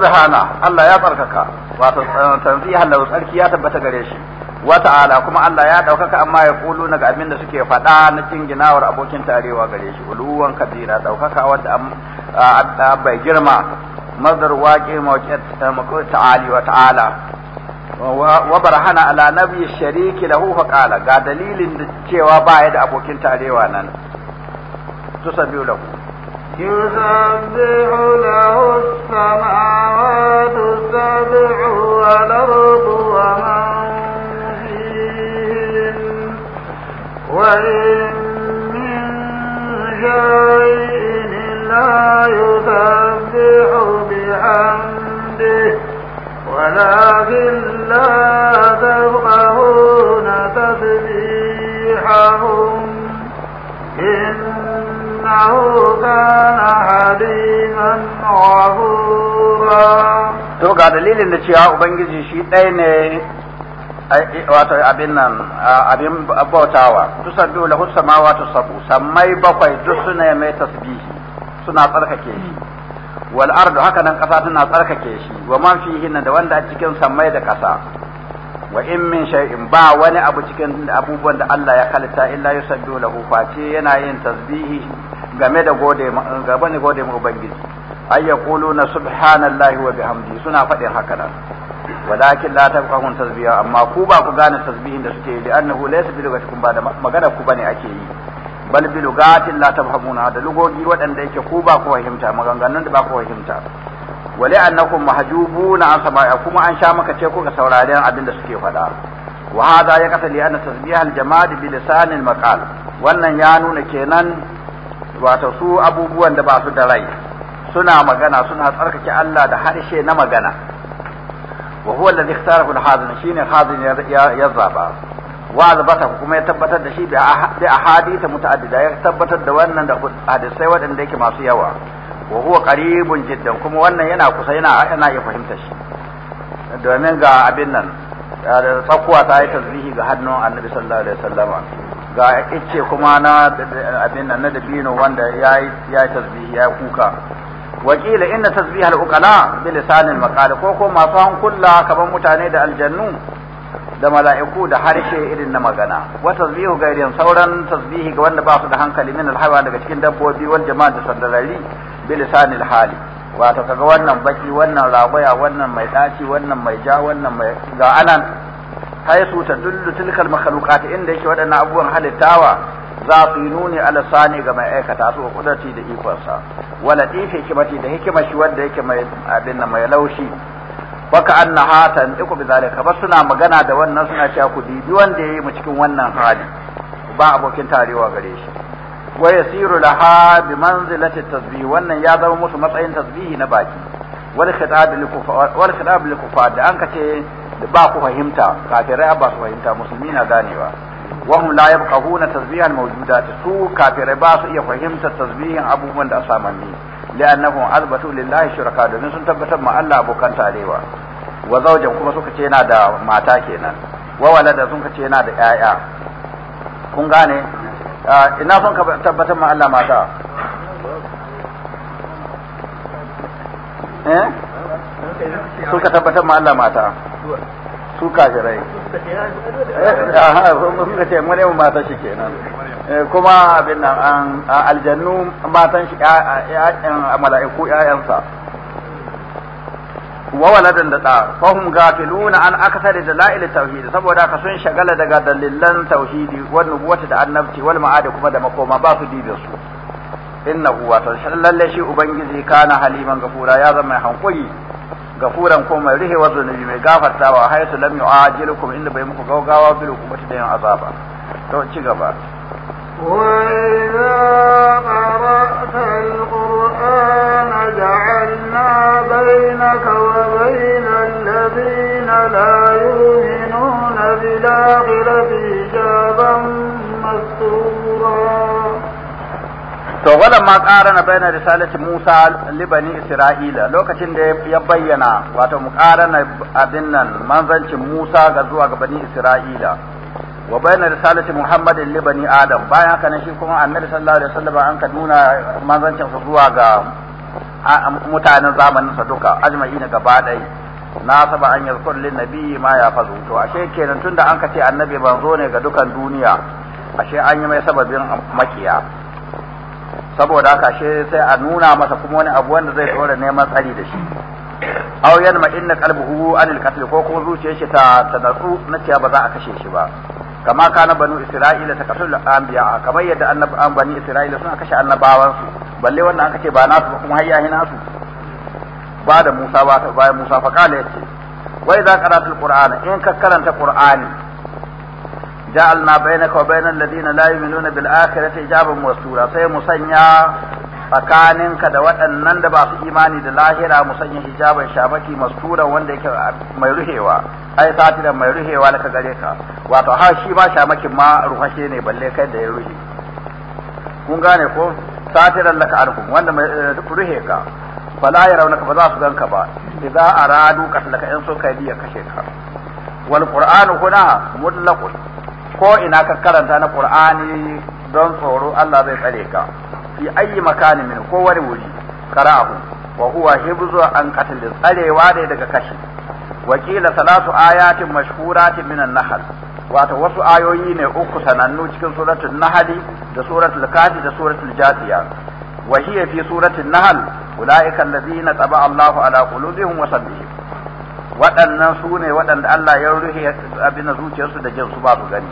zahana Allah ya tsarkaka wato eh, tanzihan lahu tsarki ya tabbata gare shi wa ta'ala kuma Allah ya daukaka amma ya kulu na ga abin da suke faɗa na ginawar abokin tarewa gare shi uluwan kabira daukaka wadda bai girma mazar waƙe mawqit eh, ta'ali wa ta'ala wa barhana ala nabi shariki lahu fa qala ga dalilin da cewa ba ya da abokin tarewa nan tusabbihu lahu يسبح له السماوات السبع والأرض ومن فيهن وإن من شيء لا يسبح بحمده ولكن لا تفقهون تسبيحهم إن إنه كان حليما غفورا to ga dalilin da cewa ubangiji shi ɗaya ne wato abin nan abin bautawa tusaddu lahu samawati sabu sammai bakwai duk suna mai tasbihi suna tsarkake shi wal ardu haka nan kasa tana tsarkake shi wa man fihi da wanda a cikin sammai da kasa wa in min shay'in ba wani abu cikin abubuwan da Allah ya halitta illa yusabbihu lahu face yana yin tasbihi game da gode gaba ne gode mu ubangiji ay yaquluna subhanallahi wa bihamdi suna faɗin haka nan walakin la tafqahun tasbiha amma ku ba ku gane tasbihin da suke yi li annahu laysa bi lugatikum ba da magana ku bane ake yi bal bi lugatin la tafhamuna da lugogi wadanda yake ku ba ku fahimta maganganun da ba ku fahimta wale annakum mahjubuna an sama'a kuma an sha maka ce kuka sauraren abin da suke faɗa wa hada ya kasa li'anna tasbih al bi lisan al-maqal wannan ya nuna kenan wato su abubuwan da ba su da rai suna magana suna tsarkake Allah da harshe na magana wa huwa alladhi ikhtarahu al shine hazin ya zaba wa azbata kuma ya tabbatar da shi bi ahadith mutaaddida ya tabbatar da wannan da hadisai waɗanda yake masu yawa wa huwa qaribun jiddan kuma wannan yana kusa yana yana ya fahimta shi domin ga abin nan tsakuwa ta yi tasbihi ga hannun annabi sallallahu alaihi wasallama ga ice kuma na abin nan na dabino wanda ya yi tasbihi ya kuka wakila inna tasbih al-uqala bi lisanil maqal ko ko masu hankula kaman mutane da aljannu da mala'iku da harshe irin na magana wa tasbihu gairin sauran tasbihi ga wanda ba su da hankali min al daga cikin dabbobi wal jama'a da sandarari bilisan hali wato kaga wannan baki wannan ragwaya wannan mai daci wannan mai ja wannan mai ga anan haisu ta dullu tilkal makhluqat inda yake waɗannan abubuwan halittawa za su yi nuni ala sani ga mai aikata su kudarci da ikonsa wala difi hikimati da hikima shi wanda yake mai abin nan mai laushi baka anna hatan iku bi zalika ba suna magana da wannan suna cewa ku dibi wanda yayi mu cikin wannan hali ba abokin tarewa gare shi wa yasiru laha bi manzilati tasbih wannan ya zama musu matsayin tasbihi na baki wal khitab lil kufar wal khitab lil da an kace ba ku fahimta kafirai ba su fahimta musulmi na ganewa wa hum la yabqahuna tasbih al mawjudat su kafirai ba su iya fahimta tasbihin abubuwan da asamanni li'annahum azbatu lillahi shuraka domin sun tabbatar ma Allah abokan tarewa wa zaujan kuma suka ce yana da mata kenan wa walada sun ce yana da 'ya'ya kun gane Ah, ina son ka tabbatar ma Allah mata eh su ka tabbatar ma Allah mata su kafirai suka eh, mun ga cewa mun mata shi kenan eh, kuma abin nan aljannu matan shi mala'iku ƴaƴansa wa waladan da da fahum an akthar dalail tauhid saboda ka sun shagala daga dalilan tauhidi wa da annabci wal ma'ad kuma da makoma ba su dibe su innahu wa lalle ubangiji kana haliman gafura ya zama hankuri gafuran ko mai rihewa zunubi mai gafartawa hayatu lam yu'ajilukum inda bai muku gaugawa وإذا قرأت القرآن جعلنا بينك وبين الذين لا يؤمنون بالآخرة حجابا مستورا to wala ma ƙara na bayyana risalati Musa libani Isra'ila lokacin da ya bayyana wato mu ƙara na abin nan manzancin Musa ga zuwa ga bani Isra'ila wa bayyana risalati Muhammadin libani Adam bayan haka ne shi kuma Annabi sallallahu alaihi wasallam an ka nuna manzancin zuwa ga mutanen zamanin sa duka ajma'ina gaba ɗaya na saba an yadhkur lin nabiyyi ma ya fazu to ashe kenan tunda an kace annabi ban zo ne ga dukan duniya ashe an yi mai sababin makiya saboda haka ashe sai a nuna masa kuma wani abu wanda zai tsora neman tsari da shi aw ma inna qalbuhu anil qatl ko kuma zuciyar shi ta ta na cewa ba za a kashe shi ba kama kana banu isra'ila ta kasul anbiya kamar yadda an bani isra'ila suna kashe annabawan su balle wannan aka ce ba nasu ba kuma hayya hina su ba da Musa ba bayan Musa fa kala yace za idza qara'atul qur'ana in ka karanta qur'ani ja'alna bainaka wa bainal ladina la yu'minuna bil akhirati ijaban wasura sai musanya tsakaninka da waɗannan da ba su imani da lahira musanyin hijabin shamaki masturan wanda yake mai ruhewa ai sati da mai ruhewa da ka gare ka wato har shi ba shamakin ma ruhashe ne balle kai da ya ruhe kun gane ko sati da laka arhum wanda mai eh, ruhe ka fala ya raunaka ba za su ganka ba idza aradu laka in so kai biya kashe ka wal qur'anu huna mutlaqun ko ina ka karanta na qur'ani don tsoro Allah zai tsare ka fi ayi makanin min ko wuri karahu wa huwa hibzu an qatl tsarewa dai daga kashi wakila salatu ayatin mashhuratin min an-nahl wato wasu ayoyi ne uku sanannu cikin suratul Nahali, da suratul kafi da suratul jatiya wa hiya fi suratul nahl ulaika allazina taba Allahu ala qulubihim wa sabbihim waɗannan su ne waɗanda Allah ya rufe abin zuciyarsu da jinsu ba su gani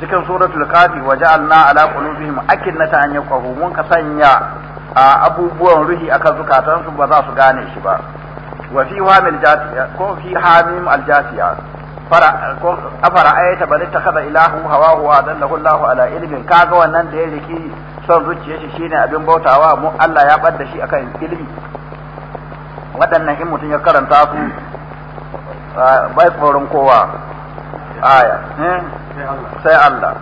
cikin suratul kafi wa ja'alna ala qulubihim akinnata an yaqahu mun ka sanya abubuwan ruhi aka zukatansu ba za su gane shi ba wa fi hamil jatiya ko fi hamim al jatiya fara ko afara ayata bani ilahu hawahu wa adallahu Allahu ala ilmin kaga wannan da ya riki son zuciyar shi shine abin bautawa mu Allah ya bar shi akan ilmi waɗannan in mutum ya karanta su bai tsoron kowa aya hmm? sai Allah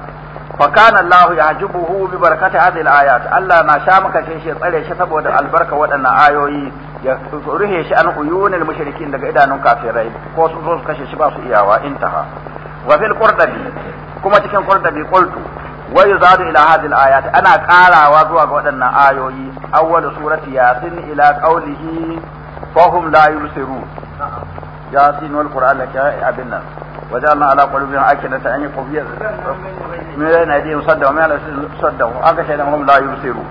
fakana Allah ya hu bi barakati hadhihi alayat Allah na sha maka shi tsare shi saboda albarka waɗannan ayoyi ya ruhe shi an uyunil mushrikin daga idanun kafirai ko su zo su kashe shi ba su iyawa intaha wa fil qurdabi kuma cikin qurdabi qultu wa yuzadu ila hadhihi alayat ana karawa zuwa ga waɗannan ayoyi awwal surati yasin ila qawlihi fa hum la yusiru yasin Kura qur'an laka abin nan wajalna ala qulubihim akinata an yaqfiya min yana yadihim sadda wa min ala sadda aka shaidan hum la yusiru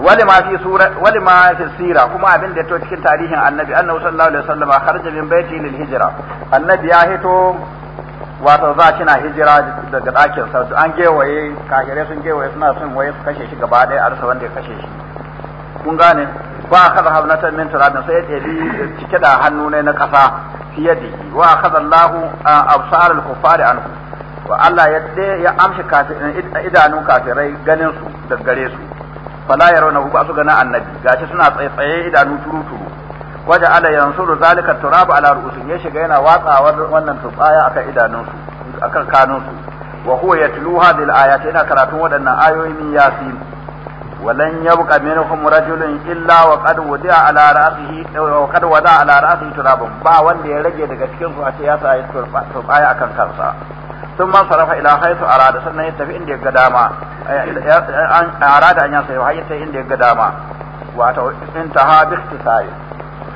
wali ma fi sura wali ma fi sira kuma abin da to cikin tarihin annabi annabi sallallahu alaihi wasallam kharaja min baiti lil hijra annabi ya hito wato za kina hijira daga dakin sa an gewaye kafirai sun gewaye suna son waye su kashe shi gaba ɗaya arsa wanda ya kashe shi kun gane wa kaza habnatan min turabin sai ya cike da hannu ne na ƙasa fi yadi wa kaza Allahu absar al-kuffari anhu wa Allah ya ya amshi idanun kafirai ganin su da gare su fala yarawna ba su gana annabi gashi suna tsaye idanu turu turu waje ala da zalika turab ala ru'usin ya shiga yana watsawa wannan turbaya akan idanun su akan kanun su wa huwa yatlu yana karatun waɗannan ayoyi min yasin ولن يبقى منهم رجل إلا وقد وضع على رأسه وقد وضع على رأسه تراب با wanda ya rage daga cikin su a ce ya sa ya akan kansa sun man sarrafa ila haitu arada sannan ya tafi inda ya ga dama arada an ya sayo har inda ya ga dama wato intaha bi ikhtisari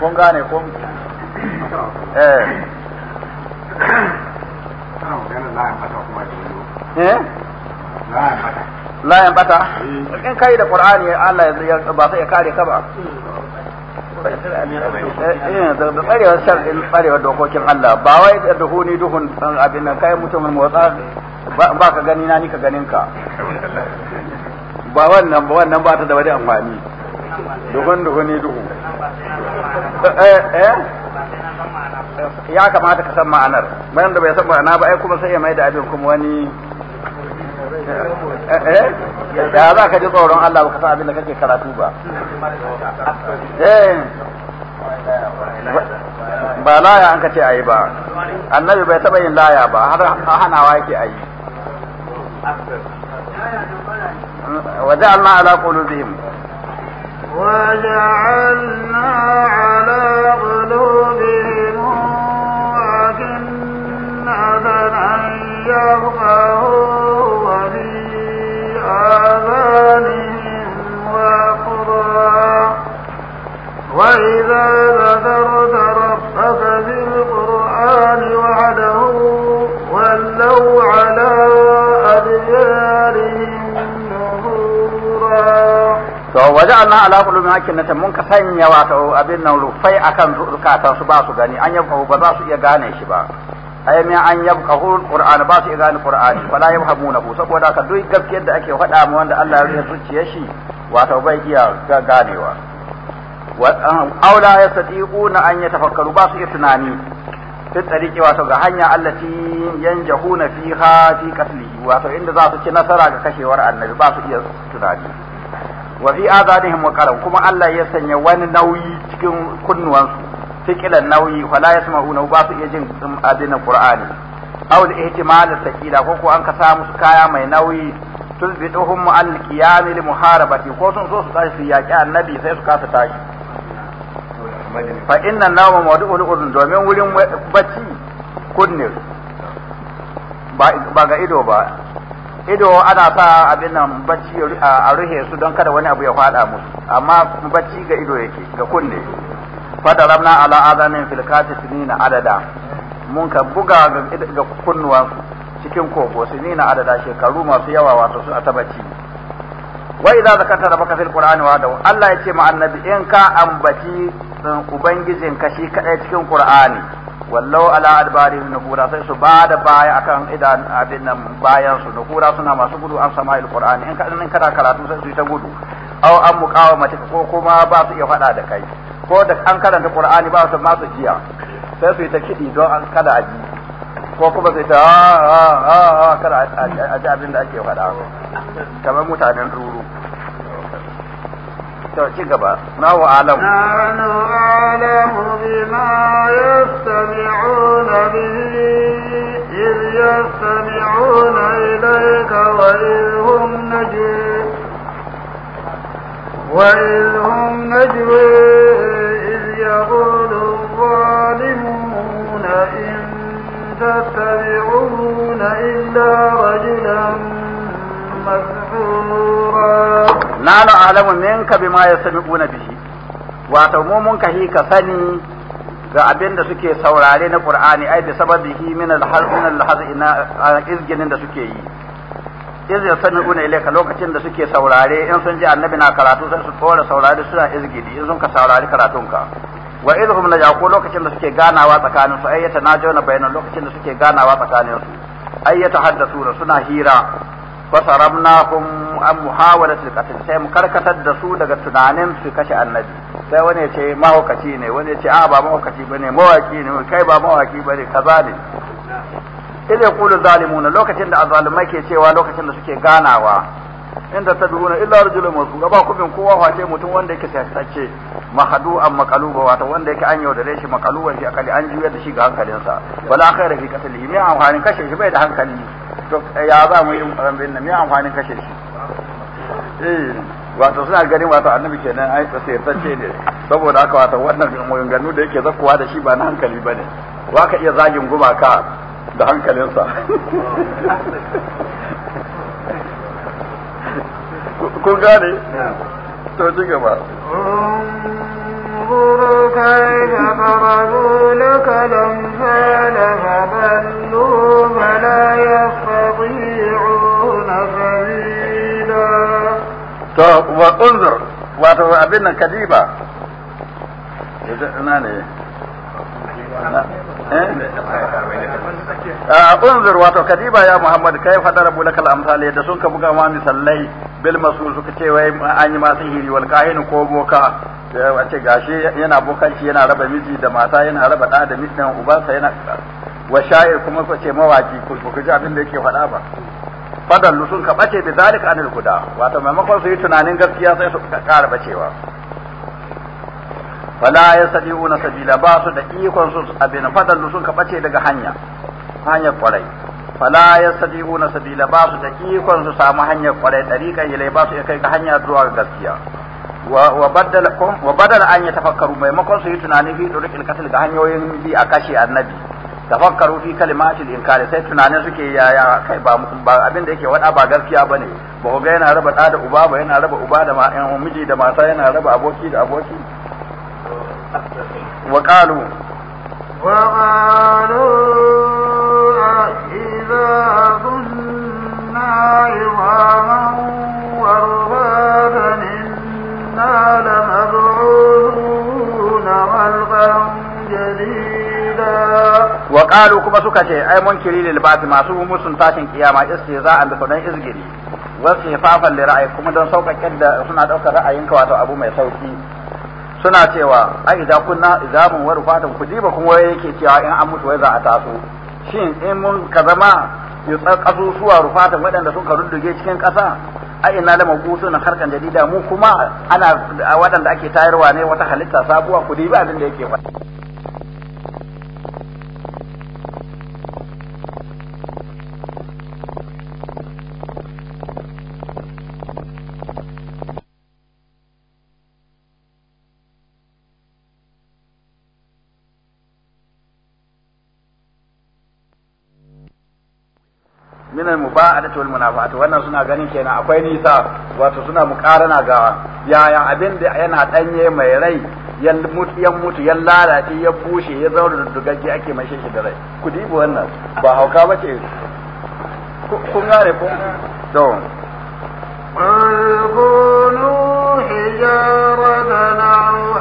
kun gane kun eh eh la yan bata in kai da qur'ani Allah ya ba sai ya kare ka ba eh, eh da tsarewar shar'in tsarewar dokokin Allah ba wai da duhuni duhun abin nan kai mutumin motsa ba ka gani na ni ka ganin ka ba wannan ba wannan ba ta da wani amfani duhun duhuni duhu eh eh ya kamata ka san ma'anar bayan da bai san ma'ana ba ai kuma sai ya mai da abin kuma wani eh da eh? za ka ji tsoron Allah baka san abin da kake karatu ba eh ba laya an ka ce ayi ba annabi bai taba yin laya ba har hanawa yake ayi وجعلنا على قلوبهم وجعلنا على قلوبهم أكنة أن يفقهوا waja'alna ala qulubi nata mun ka sanya wata abin nan rufai akan zukatan su ba su gani an yabqahu ba za su iya gane shi ba ay min an yabqahu alquran ba su iya gane qur'ani wala yafhamuna bu saboda ka duk gaskiyar da ake faɗa mu wanda Allah ya rubuta zuciyar shi wato bai iya ganewa wa aula yastatiquna an yatafakkaru ba su iya tunani fi tsariki wato ga hanya allati yanjahuna fiha fi qatlihi wato inda za su ci nasara ga kashewar annabi ba su iya tunani wa fi azanihim waqaran kuma Allah ya sanya wani nauyi cikin kunnuwansu fikilan nauyi wala yasma'una ba su iya jin adina qur'ani aw al-ihtimal al-thaqila ko ko an ka sa musu kaya mai nauyi tulbituhum al qiyam li muharabati ko sun so su tashi su yaki annabi sai su kasa tashi fa inna nawma mawdu'ul udun domin wurin bacci kunne ba ga ido ba ido ana sa abin nan bacci a ruhe su don kada wani abu ya fada musu amma bacci ga ido yake ga kunne ramna ala azamin filkati sinina adada mun ka buga ga kunnuwa cikin kogo sinina adada shekaru masu yawa wato su ta bacci wa idza zakarta rabbaka fil qur'ani wa dawu Allah ya ce ma annabi in ka ambaci eh, ubangijin ka shi kadai cikin qur'ani wallau ala na nufura sai su bada baya akan idan abin nan bayan su nufura suna masu gudu an sama alqur'ani in ka in kana karatu sai su yi ta gudu aw an muqawamati ko kuma ba su iya fada da kai ko da an karanta qur'ani ba su ma su jiya sai su yi ta kidi don an kada aji ko kuma sai ta ah, ah, ah, a a a kada aji abin da ake fada kamar mutanen ruru to ci gaba nawa alam nahnu a'lamu bima yastami'una bihi إذ يستمعون إليك وإذ هم نجي وإذ هم نجوي إذ يقول الظالمون إن تتبعون إلا رجلا مسحورا na na alamu minka bima yasmi'una bihi wato mu mun ka ka sani ga abin da suke saurare na Qur'ani ai sababi hi min al-hazin al ina izginin da suke yi iz yasmi'una ilayka lokacin da suke saurare in sun ji annabi na karatu sai su tsora saurare suna izgidi in sun ka saurari karatunka wa idhum la yaqulu lokacin da suke ganawa tsakanin su ayyata najawna bayanan lokacin da suke ganawa tsakanin su ayyata haddathuna suna hira فصرمناهم عن محاولة القتل sai mu karkatar da su daga tunanin su kashe annabi sai wani ya ce mahaukaci ne wani ya ce a ba mahaukaci bane mawaki ne kai ba mawaki bane kaza ne idan yaqulu zalimuna lokacin da azzalumai ke cewa lokacin da suke ganawa inda taduruna illa rajulun masbuga ba ku bin kowa face mutum wanda yake tsatsace mahadu am maqaluba wato wanda yake an yaudare shi maqaluban shi akali an juyar da shi ga hankalinsa wala khaira fi qatlihi mai amfani kashe shi bai da hankali to eh, ya za mu yi abin nan me amfanin kashe shi eh wato suna ganin wato annabi kenan ai ce ne saboda haka wato wannan maganganu da yake zakkuwa da shi ba na hankali bane wa ka iya zagin gumaka da hankalinsa kun gane to ci gaba انظر كيف ضربوا لك to wa unzur wato abin nan kadiba ina ne eh? unzur wato kadiba ya muhammad kai fadar rabu lakal amsali da sun ka buga ma misallai bil masul suka ce wai an yi masu hiri wal kahin ko boka wace eh, gashi yana bokanci yana raba miji da mata yana raba da da mijin ubansa yana wa sha'ir kuma ko ce mawaki ku ji abin da yake faɗa ba fadallu sun ka bace bi zalika anil kuda wato maimakon su yi tunanin gaskiya sai su kara bacewa fala yastadiuna sabila ba su da ikon su abin fadallu sun ka bace daga hanya hanyar kwarai fala yastadiuna sabila ba su da ikon su samu hanyar kwarai dariqan ilai ba su kai ga hanya zuwa gaskiya wa badala wa badala an yatafakkaru maimakon su yi tunanin fi duriqil qatl ga hanyoyin bi a kashe annabi tafakkaru fi kalimatil inkari sai tunanin suke ya ya kai ba ba abin da yake wada ba gaskiya bane ba ga yana raba da da uba ba yana raba uba da ma'an eh, miji da mata yana raba aboki da aboki wa qalu wa qalu idza kunna imaman wa rabbana inna lamab'uduna wal jadida wa qalu kuma suka ce ai kiri lil ba'th masu musun tashin kiyama istihza'an da sauran izgiri wa sifafan li ra'ayi kuma don sauka da suna ɗaukar ra'ayin ka wato abu mai sauki suna cewa ai idan kunna izamun wa rufatan kudiba kuma yake cewa in an mutu wai za a taso shin in mun ka zama su ƙasusuwa rufatan waɗanda sun ka rudduge cikin ƙasa a ina lama gusu na harkan jadida mu kuma ana waɗanda ake tayarwa ne wata halitta sabuwa ku dibi abin da yake faɗi almushahadatu wal munafaatu wannan suna ganin kenan akwai nisa wato suna mukarana ga yaya abin da yana danye mai rai ya mutu ya mutu ya lalace ya bushe ya zauna da dugagge ake mai shi da rai ku dibo wannan ba hauka ce kun gane kun to قل كونوا حجارة أو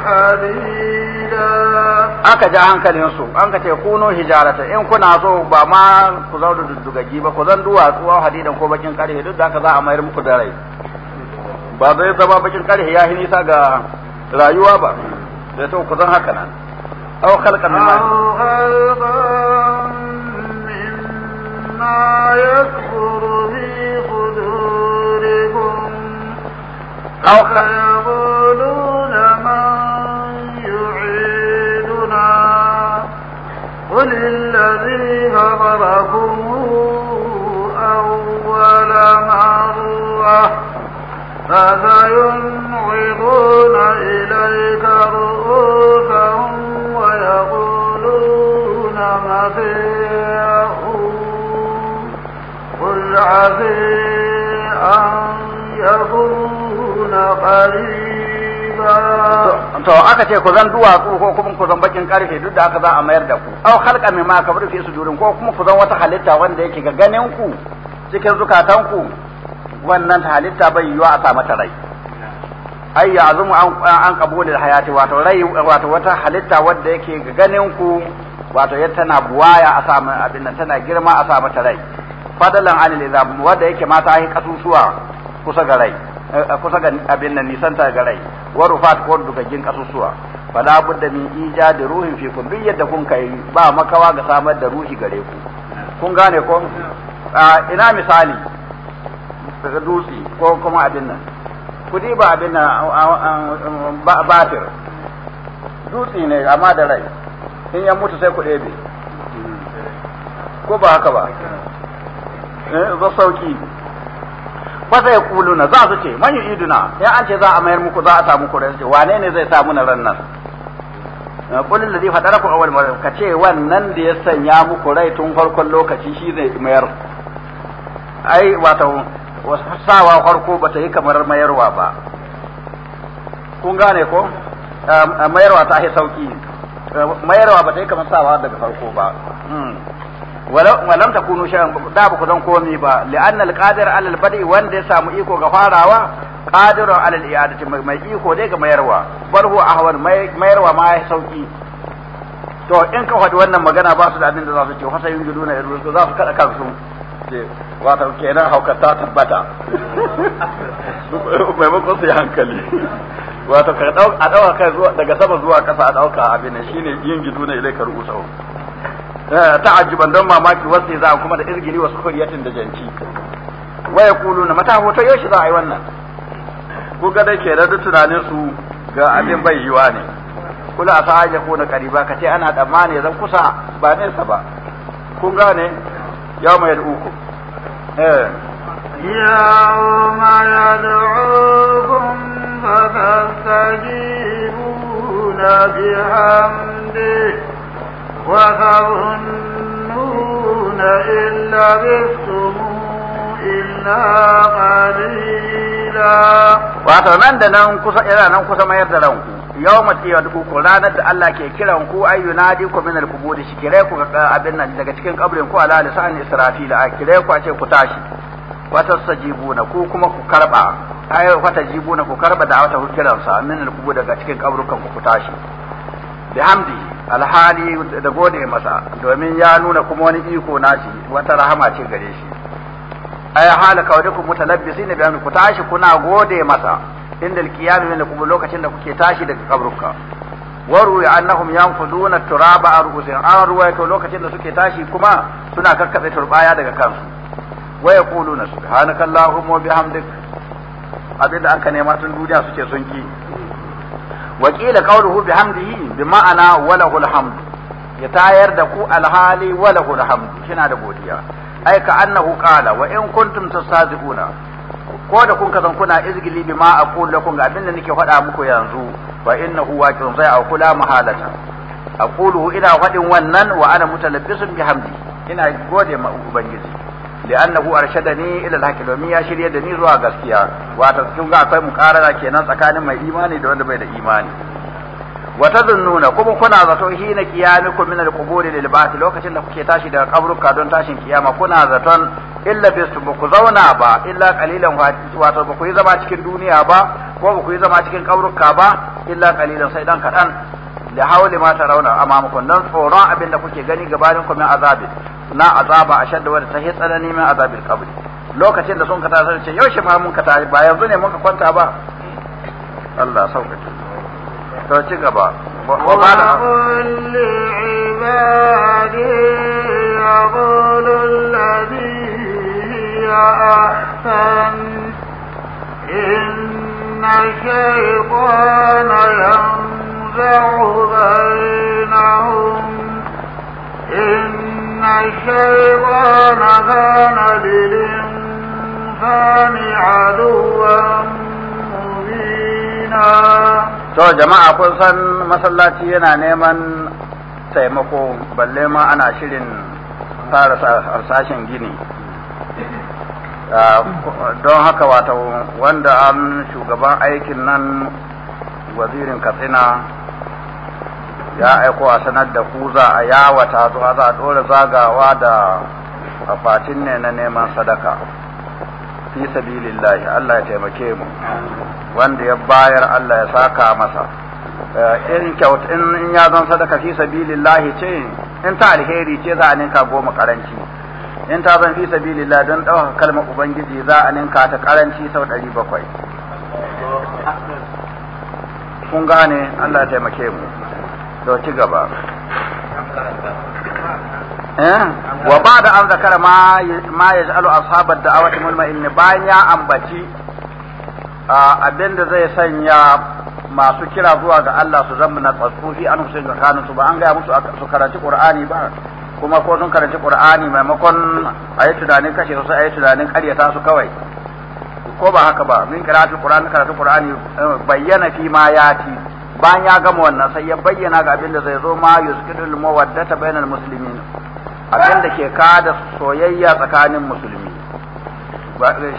aka ja hankalinsu an ka ce kuno hijarata in kuna so ba ma ku zau da duddugaggi ba ku zan duwa a hadidan ko bakin karhe duk da ka za a mayar muku da rai ba zai zama bakin karhe ya hi nisa ga rayuwa ba da to ku zan haka nan aw khalqan min ma yakhuru fi qudurikum aw khalqan قل الذي فطركم أول مرة فسينعظون إليك رؤوسهم ويقولون متيعون قل عسي أن يكون قريبا to aka ce ku zan duwatsu ko kuma ku zan bakin karfe duk da aka za a mayar da ku aw khalqa mimma kabru fi sudurin ko kuma ku zan wata halitta wanda yake ga ganin ku cikin zukatan ku wannan halitta bai yiwa a samu mata rai ai ya'zumu an an qabulil hayati wato rai wato wata halitta wanda yake ga ganin ku wato ya tana buwaya a samu abin nan tana girma a samu mata rai fadalan anil izab wanda yake mata ai kasusuwa kusa ga rai a kusa ga abin nan nisan ta garai wa rufat ko dukagin kasusuwa la budda min ijadi ruhin fi kun duk yadda kun kai ba makawa ga samar da ruhi gare ku kun gane ko ina misali daga dutse ko kuma abin nan kudi ba abin nan batir dutse ne amma da rai in ya mutu sai ku ɗebe ko ba haka ba ba eh, sauki fa sai kuluna za su ce man yu'iduna ya an ce za a mayar muku za a samu ku ce wane ne zai samu na ran nan qul alladhi fatarakum awwal mar ka ce wannan da ya sanya muku rai tun farkon lokaci shi zai mayar ai wato sawa farko bata yi kamar mayarwa ba kun gane ko mayarwa ta yi sauki mayarwa bata yi kamar sawa daga farko ba hmm. walam takunu shay'an da ba ku zan komai ba li'anna al ala badi wanda ya samu iko ga farawa qadirun ala al mai iko dai ga mayarwa huwa mayarwa ma ya sauki to in ka wannan magana ba su da abin da za su ce za su kada kansu ta tabbata hankali ka a daga sama zuwa kasa a yin Eh, ta'ajjuban don mamaki wasu za kuma da irgini wasu kuriyatin da janci wa na mata hoto yau shi za a yi wannan ku ga ke da tunanin su ga abin bai yiwa ne kula a sa'a ko na kariba ka ce ana ne zan kusa ba nesa ba kun gane yau mai uku eh يوم يدعوكم وتظنون إن لبثتم إلا قليلا wato nan da nan kusa ira nan kusa mayar da ranku yau mace ya duku ku ranar da Allah ke kiran ku ay yunadi ku min al-qubur shi kire ku ga abin nan daga cikin kabrin ku ala lisan israfil a kire ku a ce ku tashi wata sajibuna ku kuma ku karba ay wata jibuna ku karba da wata kiran sa min al-qubur daga cikin kabrukan ku ku tashi bihamdi alhali da gode masa domin ya nuna kuma wani iko nashi wata rahama ce gare shi ay hala kawdakum mutalabbisin bi amri ku tashi kuna gode masa inda alqiyam ne kuma lokacin da kuke tashi daga kaburka waru annahum yanfuduna turaba arhusin an ruwaito lokacin da suke tashi kuma suna kakkabe turbaya daga kansu wa yaquluna subhanakallahumma wa bihamdik abinda aka nema tun duniya suke sun ki وقيل قوله بحمده بمعنى وله الحمد يتاير دكو الحالي وله الحمد شنا دبوديا أي كأنه قال وإن كنتم تصادقون ko da kun kazan kuna izgili bi ma aqul lakum ga abin da nake faɗa muku yanzu fa innahu waqin sai a kula mahalata aqulu ina faɗin wannan wa mu mutalabbisun bihamdi ina gode ma ubangiji arshe da إلى الحق domin ya shirya da ni zuwa gaskiya wato kun ga akwai mukarara kenan tsakanin mai imani da wanda bai da imani wa nuna kuma kuna zato hina qiyamikum min al-quburi lil ba'th lokacin da kuke tashi daga kaburka don tashin kiyama kuna zaton illa bisu ba ku zauna ba illa qalilan wato ba ku yi zama cikin duniya ba ko ba yi zama cikin kaburka ba illa qalilan sai dan kaɗan. da hauli ma tarawna amamakum nan tsoron abin da kuke gani gabanin ku min azabi na azaba ashadda wa ta tsanani min azabi qabr lokacin da sun ka tasar ce yaushe ma mun ka tashi ba yanzu ne mun ka kwanta ba Allah sauƙaƙe to ci gaba wa ba da إن الشيطان ينظر to jama'a kun san masallaci yana neman taimako balle ma ana shirin fara harsashen gini ah, don haka wata wanda an shugaban aikin nan wazirin katsina ya aiko a sanar da ku za a yawata zuwa za a ɗora zagawa da kafacin ne na neman sadaka fi sabilillahi Allah ya taimake mu wanda ya bayar Allah ya saka masa eh, in kyaut in ya zan sadaka fi sabilillahi ce in ta alheri ce za a ninka goma karanci in ta zan fi sabilillahi don ɗaukaka kalmar ubangiji za a ninka ta karanci sau ɗari bakwai kun gane Allah ya taimake mu to ci gaba eh? wa ba da an zakara ma ya ji alu ashabar da awati mulma inni bayan ya ambaci abinda zai sanya masu kira zuwa ga Allah su zama na tsatsufi an husin ga kanun su ba an gaya musu su karanci Qur'ani ba kuma ko sun karanci Qur'ani maimakon a yi tunanin kashe su a yi tunanin karyata su kawai ko ba haka ba min karatu Qur'ani karatu Qur'ani eh, bayyana fi ma yati bayan ya gama wannan sai ya bayyana ga abin da zai zo ma yuskidul mawaddata bainal muslimin abin da ke ka da soyayya tsakanin musulmi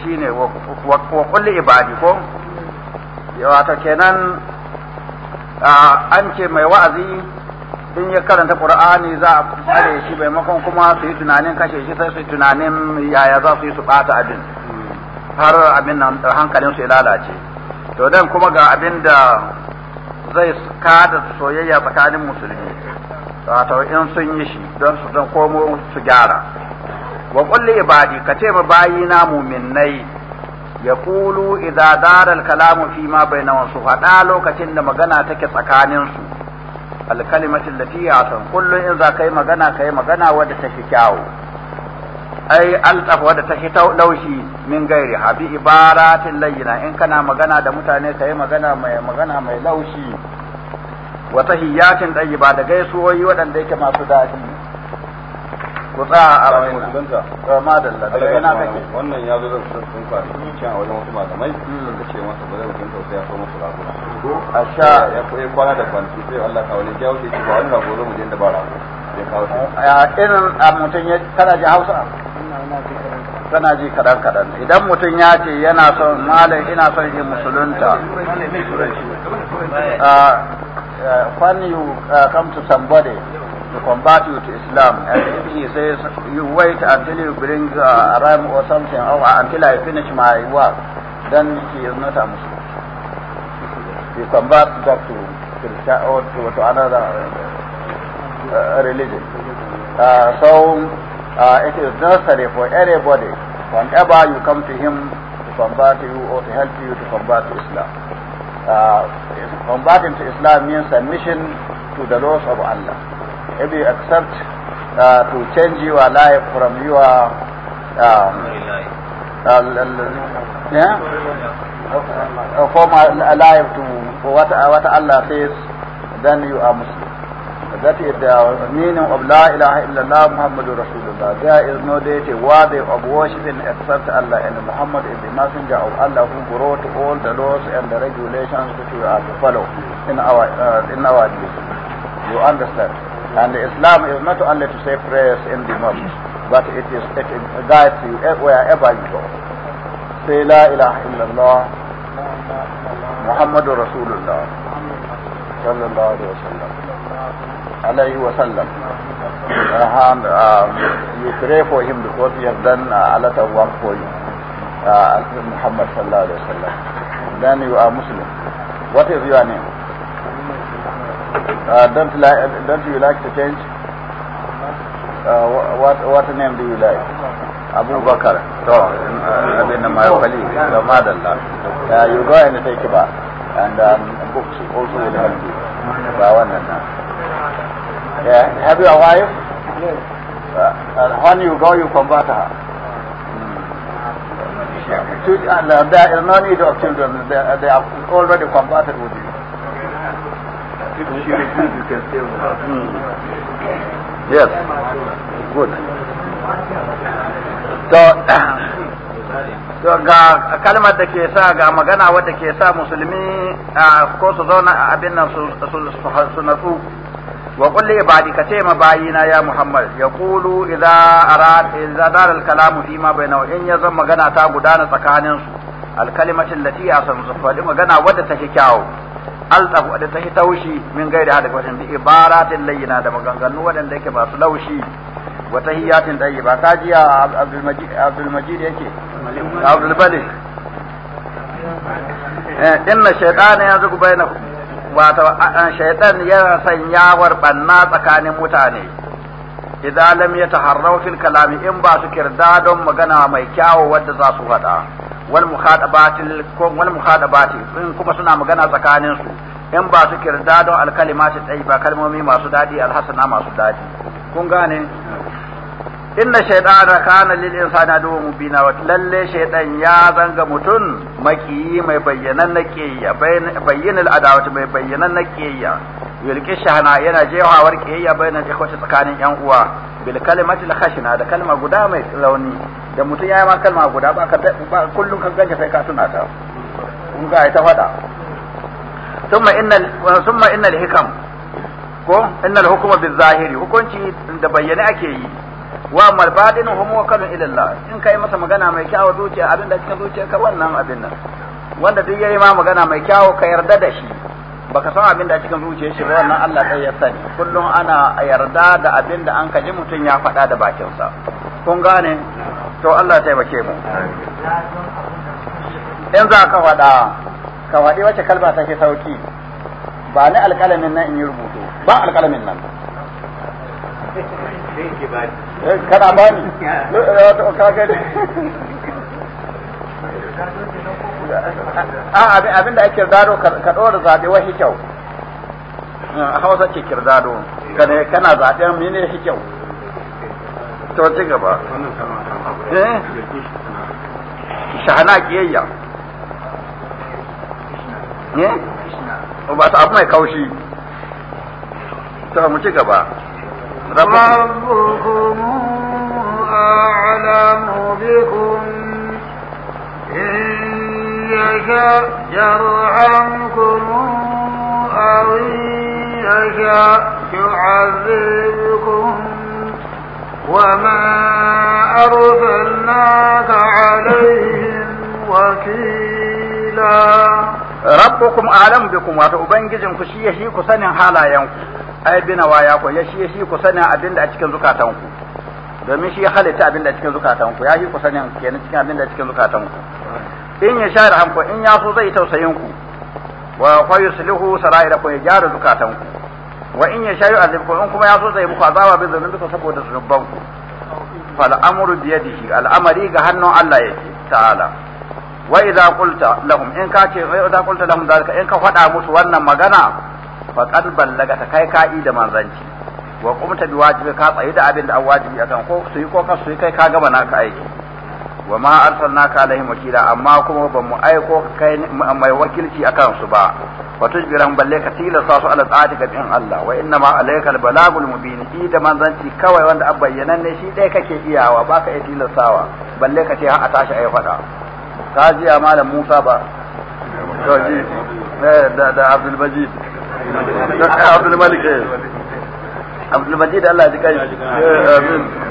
shine wa kulli ibadi ko wato kenan an ce mai wa'azi in ya karanta qur'ani za a tsare shi maimakon kuma su yi tunanin kashe shi sai su yi tunanin yaya za su yi su bata abin har abin nan hankalin su ya lalace to dan kuma ga abin da zai kada soyayya tsakanin musulmi wato in sun yi shi don su don komo su gyara wa kulli ibadi ka ce ma bayina muminnai ya kulu idza daral kalamu fi ma bainahum su haɗa lokacin da magana take tsakanin su kalimatu lati ya san kullu in za kai magana kai magana wadda ta kyawu ai altafa da ta hita laushi min gairi habi ibaratin layyina in kana magana da mutane ka yi magana mai magana mai laushi wa tahiyyatin tayyiba da gaisuwoyi waɗanda yake masu daɗi ku tsa a wannan madalla daga yana kake wannan ya zo da sun fara cikin a wajen wasu malamai hmm. suka ce masa ba zai mutum tausaya ko musu raguna a sha ya koyi kwana da kwanci sai Allah ka wani jawo shi ba wani rago zo mu je da ba rago ya kawo shi a irin mutum ya kana ji Hausa kana ji kaɗan kaɗan idan mutum ya ce yana son malam ina son yi musulunta ah, eh, when you uh, come to somebody to combat you to Islam and if he says you wait until you bring uh, a ram or something or until I finish my work then he is not a Muslim you convert that to Christian or to, to another uh, religion ah, so uh, it is necessary for anybody, whenever you come to him to convert you or to help you to convert to Islam. Uh, converting to Islam means submission to the laws of Allah. If you accept uh, to change your life from your um, uh, yeah? Uh, former life to what, what Allah says, then you are Muslim. that is the meaning of La ilaha illallah Rasulullah. is no deity of except Allah, and Muhammad is the messenger of Allah who brought all the laws and the regulations which we are to follow in our uh, in our deeds. You understand? And Islam is not only to say prayers in the mosque, but it is it guides you e, wherever you go. Say La ilaha illallah Rasulullah. Sallallahu alaihi wasallam. alaihi wa sallam you pray for him because he has done a lot of work for you uh, Muhammad sallallahu alaihi wa sallam then you are Muslim what is your name uh, don't like don't you like to change uh, what what name do you like Abu Bakar so abin nan mai kwali you go and take a bath and um, books also will help you ba wannan na Yeah. Have you a wife? Yes. Uh, when you go, you convert her. And mm. uh, there is no need of children. They, they are already converted with you. mm. Yes. Good. So, so ga kalmar da ke sa ga magana wadda ke sa musulmi uh, ko su zauna abin nan su natsu wa qul li ibadi ka ce ma bayina ya muhammad ya idza arad idza dara al kalamu fi ma bainahu in ya zan magana ta gudana tsakanin su al kalimatu allati asan su fadi magana wadda take kyawu altafu da take taushi min gaida daga wajen bi ibaratin layyina da maganganu wadanda yake masu laushi wa tahiyatin wato shaitan yana sanyawar banna tsakanin mutane idan lam yataharraw fil kalami in ba su kirda don magana mai kyawu wadda za su faɗa wal mukhadabatil wal mukhadabati in kuma suna magana tsakanin su in ba su kirda don alkalimati tsayi ba kalmomi masu dadi alhasana masu dadi kun gane inna shaytana kana lil insani mubina wa lalle ya zanga mutun makiyi mai bayyanan na kiyya bayyana al'adawati mai bayyanan na kiyya yulki shahana yana jehawar kiyya ikhwati tsakanin yan uwa bil khashina da kalma guda mai launi da mutun yayi ma kalma guda ba ka kullun sai ka tuna ta kun ga ita fada thumma inna thumma inna al hikam ko inna al hukma bil zahiri hukunci da bayyane ake yi wa malbadin badin hum wakalun ila Allah in kai masa magana mai kyawo zuciya abin da cikin ka wannan abin nan wanda duk yayi ma magana mai kyawo ka yarda da shi baka san abin da cikin zuciya shi ba wannan Allah sai ya sani kullum ana yarda da abin da an kaji mutum ya faɗa da bakinsa kun gane to Allah taimake mu in za ka faɗa ka faɗi wacce kalba take sauki ba ni alƙalamin nan in yi rubutu ba alƙalamin nan kana bani ka gani a ah, abin da ake zado ka dora zabe wa hikyau ah, a hausa ke kirzado kana kana zaben mene hikyau to ci gaba eh shahana kiyayya ne eh? ba ta abu mai kaushi to mu ci gaba ربكم أعلم بكم إن يشاء يرحمكم أو إن يشاء يعذبكم وما أرسلناك عليهم وكيلا rabbukum alam bikum wato ubangijin ku shi yashi ku sanin halayen ku ai bina waya ku yashi yashi ku sanin abinda a cikin zukatan ku domin shi halitta abinda a cikin zukatan ku yashi ku sanin kenan cikin abinda a cikin zukatan ku in ya share hanku in ya so zai tausayin ku wa fa yuslihu ku ya gyara zukatan ku wa in ya shayu azabkum in kuma ya so zai muku azaba bi zunubikum saboda zunubanku fal amru bi yadihi al amri ga hannun Allah yake ta'ala wa idza qulta lahum in ka ce wa idza qulta lahum zalika in ka fada musu wannan magana fa qad ballagata kai ka da manzanci wa qumta bi wajibi ka tsayi da abin da an wajibi akan ko su yi ko ka su yi kai ka gama naka aiki wa ma arsalnaka alaihim wakila amma kuma ba mu aiko kai mai wakilci akan su ba wa tujbiran balle ka tilasta su ala tsadika bin Allah wa inna ma alayka albalagul mubin i da manzanci kawai wanda abbayyanan ne shi dai kake iyawa baka iya tilastawa balle ka ce har a tashi ai faɗa ka ji a malam Musa ba to ji eh, da da Abdul Majid Abdulmajid Malik eh. Allah ya ji kai eh, amin